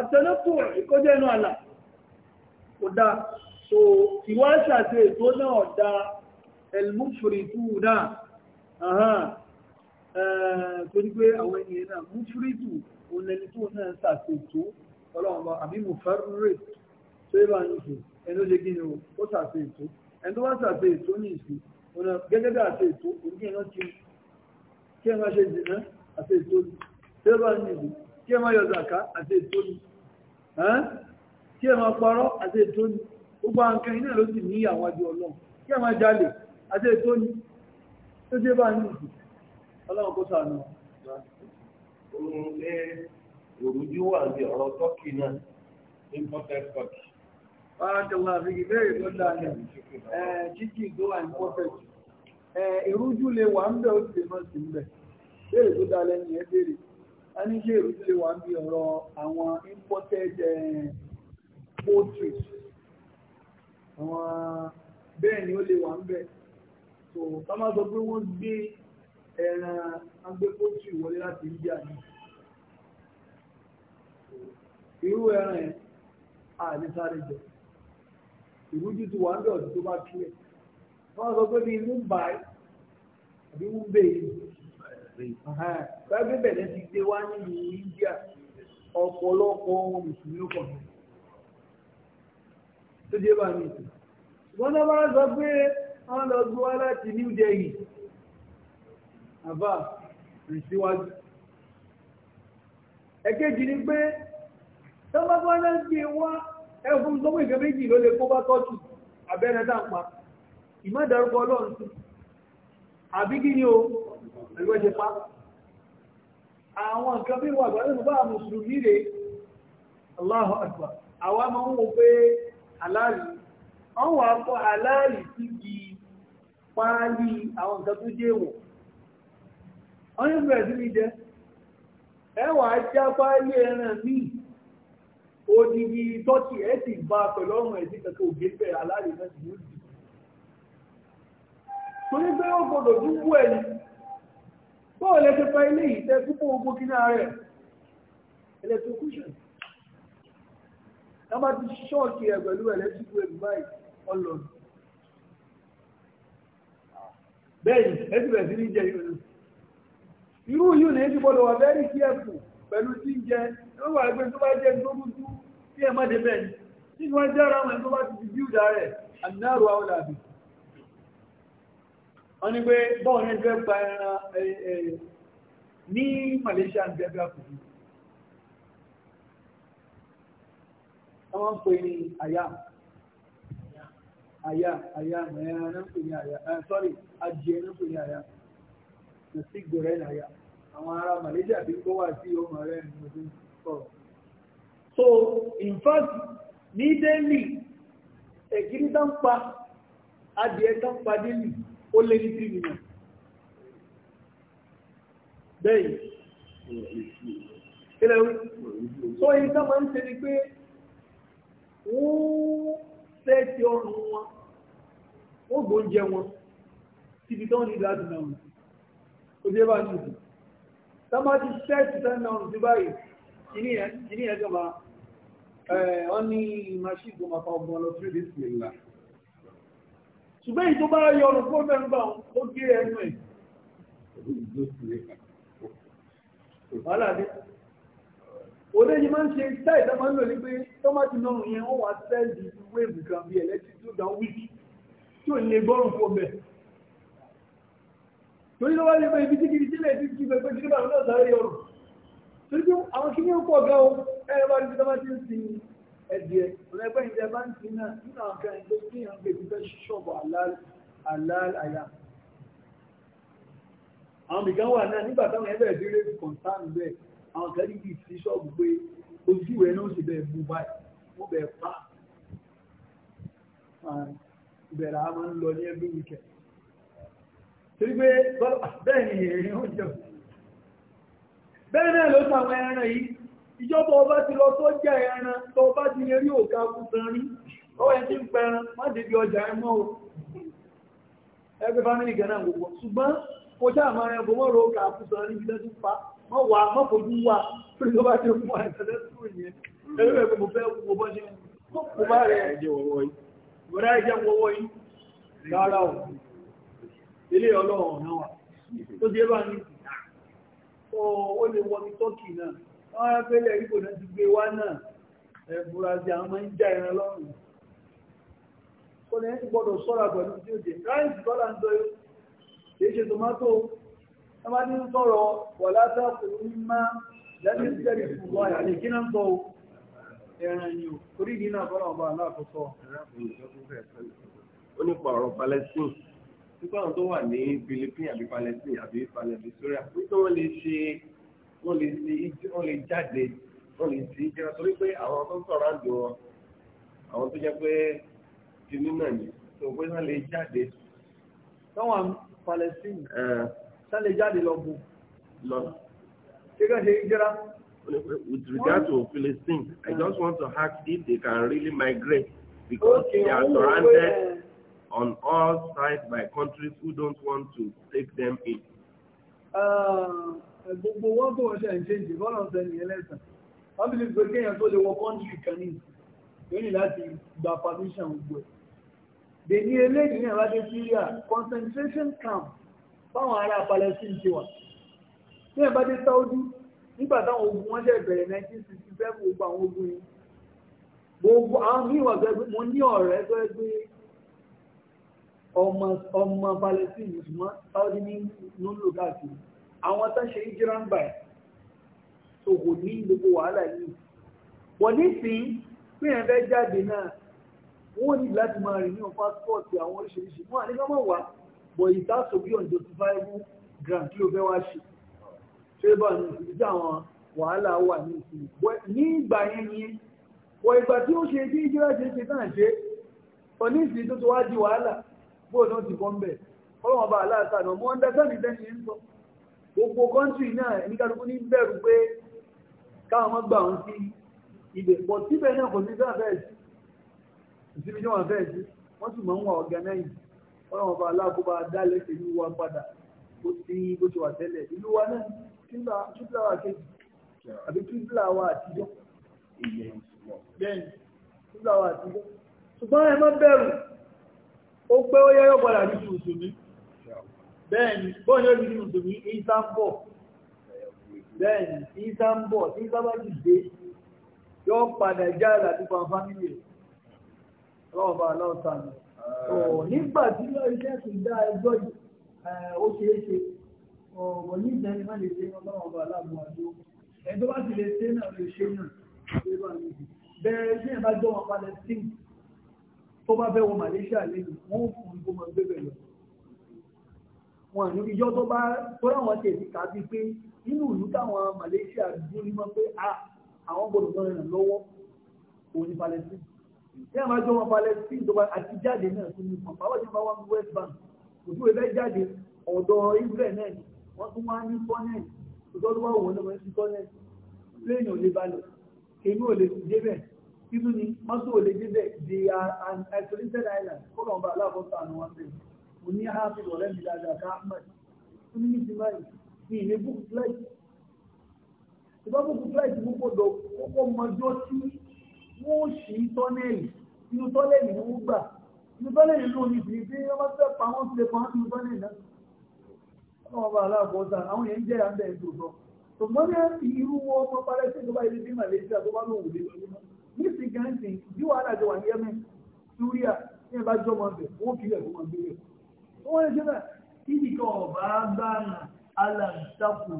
Speaker 1: àtẹlẹ́kù ìkọjẹ́ inú àlà kò dá so ìwá ṣàṣẹ ètò náà dá elmufuritu náà torí pé àwọn ènìyàn náà mufuritu onẹni tó náà ṣàṣẹ ètò ọlọ́ọ̀bọ àbí mufarrit tó yẹ bá ń ṣe ẹni ó ṣe kí ni ó ṣàṣẹ ètò ẹni tó wá ṣàṣẹ ètò ní kí ẹ máa yọ zàká àṣẹ ètò ni kí ẹ máa parọ́ àti ètò ni gbogbo àǹkan iná ló sì ní àwọn àjọ ọlọ́run kí ẹ máa jalè àti ètò ni tó bá ní ìsìn ọlọ́run kó sànù.
Speaker 2: ohun ẹ òrùjú wà ní
Speaker 1: ọ̀rọ̀ tọ́kì náà import tó tó wà ní Ìrújú lè wà ń ó sì lè sí a ní ṣe èrò sílé wa bí ọ̀rọ̀ àwọn imported eh, poultry
Speaker 2: àwọn
Speaker 1: bẹ́ẹ̀ ni ó lè wà ń bẹ̀ so ká má sọ pé wọ́n gbé ẹran agbé poultry wọlé láti India ni irú ẹran ẹ̀ àdìsáré jẹ ìrújú ti wà ń bẹ̀ ọ̀dọ̀ tó bá kílẹ̀ wọ́n sọ pé bí Mumbai àbí Mumbai yìí gbàgbé bẹ̀rẹ̀ ti gbé wá nínú India ọ̀pọ̀lọpọ̀ ohun mùsùlùmí ló pọ̀ tó dé bá mi náà bá sọ pé wọ́n lọ New Delhi àbá rìn ẹ̀kejì ni pé gbé wá méjì ló lè kó bá tọ́jú abẹ́rẹ́ ọlọ́run sí àbí kí ni o ẹgbẹ́ ṣe pa àwọn nǹkan bí wà gbọ́dọ̀ tó bá mùsùlùmí rè Allahu Akbar àwa máa ń wò pé aláàrí wọ́n wà kọ́ aláàrí sí di páálí àwọn nǹkan tó jẹ́ wọ̀ wọ́n yóò bẹ̀rẹ̀ sí ní jẹ́ ẹwà ajá páálí ẹran míì odidi tọ́tì ẹ̀ sì bá pẹ̀lú ọrùn ẹ̀ sí kẹ̀kẹ́ aláàrí náà sì torí pé ó gbọdọ̀ dúpọ̀ ẹ̀yìn bóò lè ti pa ilé yìí tẹ́ púpọ̀ ogun kí náà rẹ̀ electrocution wọ́n bá ti ṣọ́ọ̀kì ẹ̀ pẹ̀lú electric wave báyìí ọlọ́run bẹ́ẹ̀ni ẹ̀sì bẹ̀rẹ̀ sí ní jẹ ìrìn irú yìí ní ẹ̀sì gbọdọ̀ wà bẹ́ẹ̀rì kí ẹ̀kù pẹ̀lú tí ń jẹ lórí wà pé tó bá jẹ tó kú tú kí ẹ̀ má dé bẹ́ẹ̀ni tí wọ́n jẹ́ ara wọn tó bá ti di bíúdà rẹ̀ àmì àwọn làbí wọ́n ní pé bọ́ọ̀ ní ẹgbẹ́ gba ẹran ní Malaysia ń gẹ́gẹ́ àkùnrin wọ́n ń pè ní àyà àyà àyà ẹran ń pè ní àyà sorry adìẹ ń pè ní àyà kò sí gbòrẹ́ ní àyà àwọn ará Malaysia bí kó wà sí ọmọ rẹ̀ ní ọdún sọ̀rọ̀ so in fact ní delhi èkìrí tán pa adìẹ tán pa delhi ó lé ní 3 million bẹ́ẹ̀ ilẹ̀ wí so èyí tó máa ń ṣe ni pé wọ́n sẹ́ẹ̀tì ọrùn wọn wọ́n gbóúnjẹ wọn síbi tó ń ní láti náà wọn ó dé bá ní ìdí tọ́mọ́tì sẹ́ẹ̀tì tó ń náà wọn sí báyìí ìní ẹ̀jọ̀ máa ẹ̀ ọ́ ní machine tó máa fa lọ sí ìdí sílẹ̀ ṣùgbọ́n èyí tó bá yọ ọ̀rùn fún mẹ́mbà ó gé ẹnu ẹ̀ wàhálà ní òde yìí máa ń ṣe táì tó máa ń lò ní pé tọ́mátì náà yẹn wọ́n wá sẹ́ẹ̀lì wéèbù kan bí ẹ̀lẹ́tì tó dá wíìkì tí ò lè gbọ́rùn fún ọbẹ̀ torí ló wá lè pẹ́ ibi tí kìí sílẹ̀ tí kìí pẹ́ kí nígbà náà sáré ọrùn torí pé àwọn kí ní ó pọ̀ gan-an ẹ̀rọ bá ní tọ́mátì ń sin ẹ̀dìẹ̀ ọ̀rẹ́gbẹ́ ìjẹ bá ń ti náà nínú àwọn kan ẹgbẹ́ tí yàn ń gbé ìfẹ́ ṣọ́ọ̀bù àlàáyà àwọn ìgbà wà náà nígbà táwọn ẹgbẹ́ ìdílé kọ̀ǹtánù bẹ́ẹ̀ àwọn kan níbi ìsí ṣọ́ọ̀bù pé ojú ìwé náà sì bẹ́ẹ̀ mú báyìí wọ́n bẹ́ẹ̀ pa ìbẹ̀rẹ̀ a máa ń lọ ní ẹbí wíkẹ̀ torí pé bẹ́ẹ̀ ni èrè oúnjẹ bẹ́ẹ̀ náà ló sọ àwọn ẹran yìí ìjọba ọba ti lọ tó jẹ́ ẹran tó bá ti lè rí òkà kúkan rí ọwọ́ ẹ̀ tí ń pẹran má débi ọjà ẹ mọ́ o ẹgbẹ́ fámìlì gẹ̀ẹ́nà gbogbo ṣùgbọ́n kò sáà máa rẹ̀ gbogbo mọ́rọ̀ òkà kúkan rí ìdájú pa mọ́ wà mọ́ fojú wà pé tó bá ti mú àìsàlẹ̀ tó ó lè wọ́n ní tọ́kì náà wọ́n rẹ́ pẹ́lẹ̀ ibò náà ti gbé wá náà ẹ̀bùra sí àwọn máa ń já ìran lọ́rùn kó ní ẹni gbọ́dọ̀ sọ́ra pẹ̀lú tí ó dé ráìsì bọ́lá ń dọ́yó kì í ṣe tòmátò wọ́n bá ti ń sọ̀rọ̀ wọ̀ látàkùnrin máa lẹ́nu ìjẹ́rìí fún wọn àyàlè kí náà ń sọ ẹran yìí orí yìí náà bọ́lá ọba aláàkọ́sọ. ó nípa ọ̀rọ̀ Palestine nípa àwọn tó wà ní Philippines àbí Palestine àbí Palestine Syria nítorí wọ́n lè ṣe wọ́n lè ti wọ́n lè jáde wọ́n lè ti jẹ́ra torí pé àwọn tó ń sọ̀rọ̀ àjò wọn àwọn tó jẹ́ pé tinú náà ni tó pé wọ́n lè jáde. sọ́wọ́n Palestine sálè jáde lọ bu. lọ. ṣé ṣe jẹ́ra. With regard to Palestine,
Speaker 2: I just want to ask if they can really migrate because okay, they are surrounded on all sides by countries who don't want to take them in.
Speaker 1: Uh, gbogbo wọn tó wọ́n ṣe ń ṣéǹjì bọ́lá ọ̀sẹ̀ nìyẹn lẹ́sàn wọ́n ti lè pé kéèyàn tó lè wọ kọ́ńtì kan ní yóò ní láti gba permission gbogbo ẹ̀. Bèní eléyìí ní àbájá Syria concentration camp fáwọn ará Palestine ti wà. Ní àbájá Saudi nígbà táwọn ogun wọn ṣẹ̀ bẹ̀rẹ̀ 1967 gbogbo àwọn ogun yìí. Gbogbo àwọn míì wà gbẹgbẹ́ mo ní ọ̀rẹ́ tó ọmọ Palestine ṣùgbọ́n Saudi ní ló káàkiri àwọn tán ṣe ìjírá ń báyìí tó kò ní gbogbo wàhálà yìí wọ́n ní sí pé ẹ̀ fẹ́ jáde náà wọ́n ní láti máa rìn ní pásítọ̀tì àwọn oríṣiríṣi wọ́n àní kọ́mọ̀ wá bọ̀ ìtàṣọ bí ọ̀n justifiable grand kí ló fẹ́ wá ṣe ṣé bá ní ìdíjà àwọn wàhálà wà ní ìsinmi ní ìgbà yẹn ni wọ ìgbà tí ó ṣe bí ìjírá ṣe ṣe náà ṣe òní ìsìn tó ti wá di wàhálà bóòdù ti bọ́ ń bẹ̀ ọlọ́wọ́n understand ìdẹ́ni ń sọ gbogbo kọ́ntì náà ní kálukú ní bẹ̀rù pé káwọn mọ́gbà ń sí ibẹ̀ pọ̀ síbẹ̀ náà kò sí sí àfẹ́ẹ̀sì ìsinmi náà àfẹ́ẹ̀sì wọ́n sì máa ń wà ọ̀gánáìsì wọ́n wọn bá aláàbò bá dálẹ̀ sí ìlú wa padà bó ti bó ti wà tẹ́lẹ̀ ìlú wa náà kíńbà kíńbà wa kejì àbí kíńbà wa àtijọ́
Speaker 2: bẹ́ẹ̀ni
Speaker 1: kíńbà wa àtijọ́ ṣùgbọ́n ẹ má bẹ̀rù ó pé ó yẹ yọ bẹ́ẹ̀ni bọ́ọ̀ni ó dìdí mùsùlùmí ìsàmbọ̀ bẹ́ẹ̀ni ìsàmbọ̀ tí sábàjì dé yóò padà jáde àti pàǹfà nílé ọlọ́ọ̀bá aláọ̀tàmì nígbà tí ó iṣẹ́ sì dá ẹjọ́ ó ṣeé ṣe ọ̀rọ̀ ní ìdẹ́ni má lè ṣe ọlọ́ọ̀bá aláàbò àjọ ẹ̀ tó bá sì lè ṣe náà lè ṣe náà Malaysia lẹ́yìn wọ́n fún un wọn níbi ijọ́ tó bá tó láwọn ṣe ti kà bíi pé nínú ìlú táwọn Malaysia dúró ní mọ́ pé ah, àwọn gbọdọ̀ náà ràn lọ́wọ́ òun ní Palestine tí a máa jọ wọn Palestine tó bá àti jáde náà tún ní pọ̀ pàwọ́ ìjọba wọn West Bank kò tún ẹgbẹ́ jáde ọ̀dọ̀ Israel náà ni wọ́n tún wá ní tọ́nẹ̀tì ìtọ́jú wá wọ́n lọ́wọ́ sí tọ́nẹ̀tì plane ò lè balẹ̀ èmi ò lè débẹ̀ títún ni mọ́tò ò lè débẹ̀ they are an isolated island kó lọ́n bá aláàbọ̀tà àwọn mo ní hafi lọ́rẹ́ mi dáadáa ká ahmed ó ní níbi báyìí ní ìní búkú flight ìbá búkú flight púpọ̀ dọ̀ púpọ̀ mọjọ́ tí wọ́n ṣì í tọ́nẹ̀lì inú tọ́nẹ̀lì ni wọ́n gbà inú tọ́nẹ̀lì ló ní ìdí pé wọ́n bá fẹ́ pa wọ́n ti lè pa wọ́n sínú tọ́nẹ̀lì náà wọ́n bá aláàbọ̀ ọ̀tá àwọn èèyàn jẹ́ àbẹ̀ ìdòdọ̀ ṣùgbọ́n ní irú wọn ọmọ parẹ́ sí ìjọba ilé bí Malaysia tó bá lóun lè lọ́wọ́ ní sí gẹ̀ẹ́sì bí wàhálà jọ wà ní Yemen wọ́n lè ṣe bẹ́ẹ̀ ibi kan ọ̀bá gbára alàǹtakù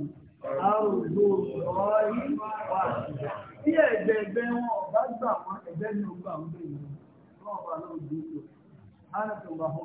Speaker 1: àrògbò ọ̀rí wà sí ẹ̀gbẹ́ ẹgbẹ́ wọn ọ̀bá gbà wọn ẹgbẹ́ ní ogun àwọn ọmọdé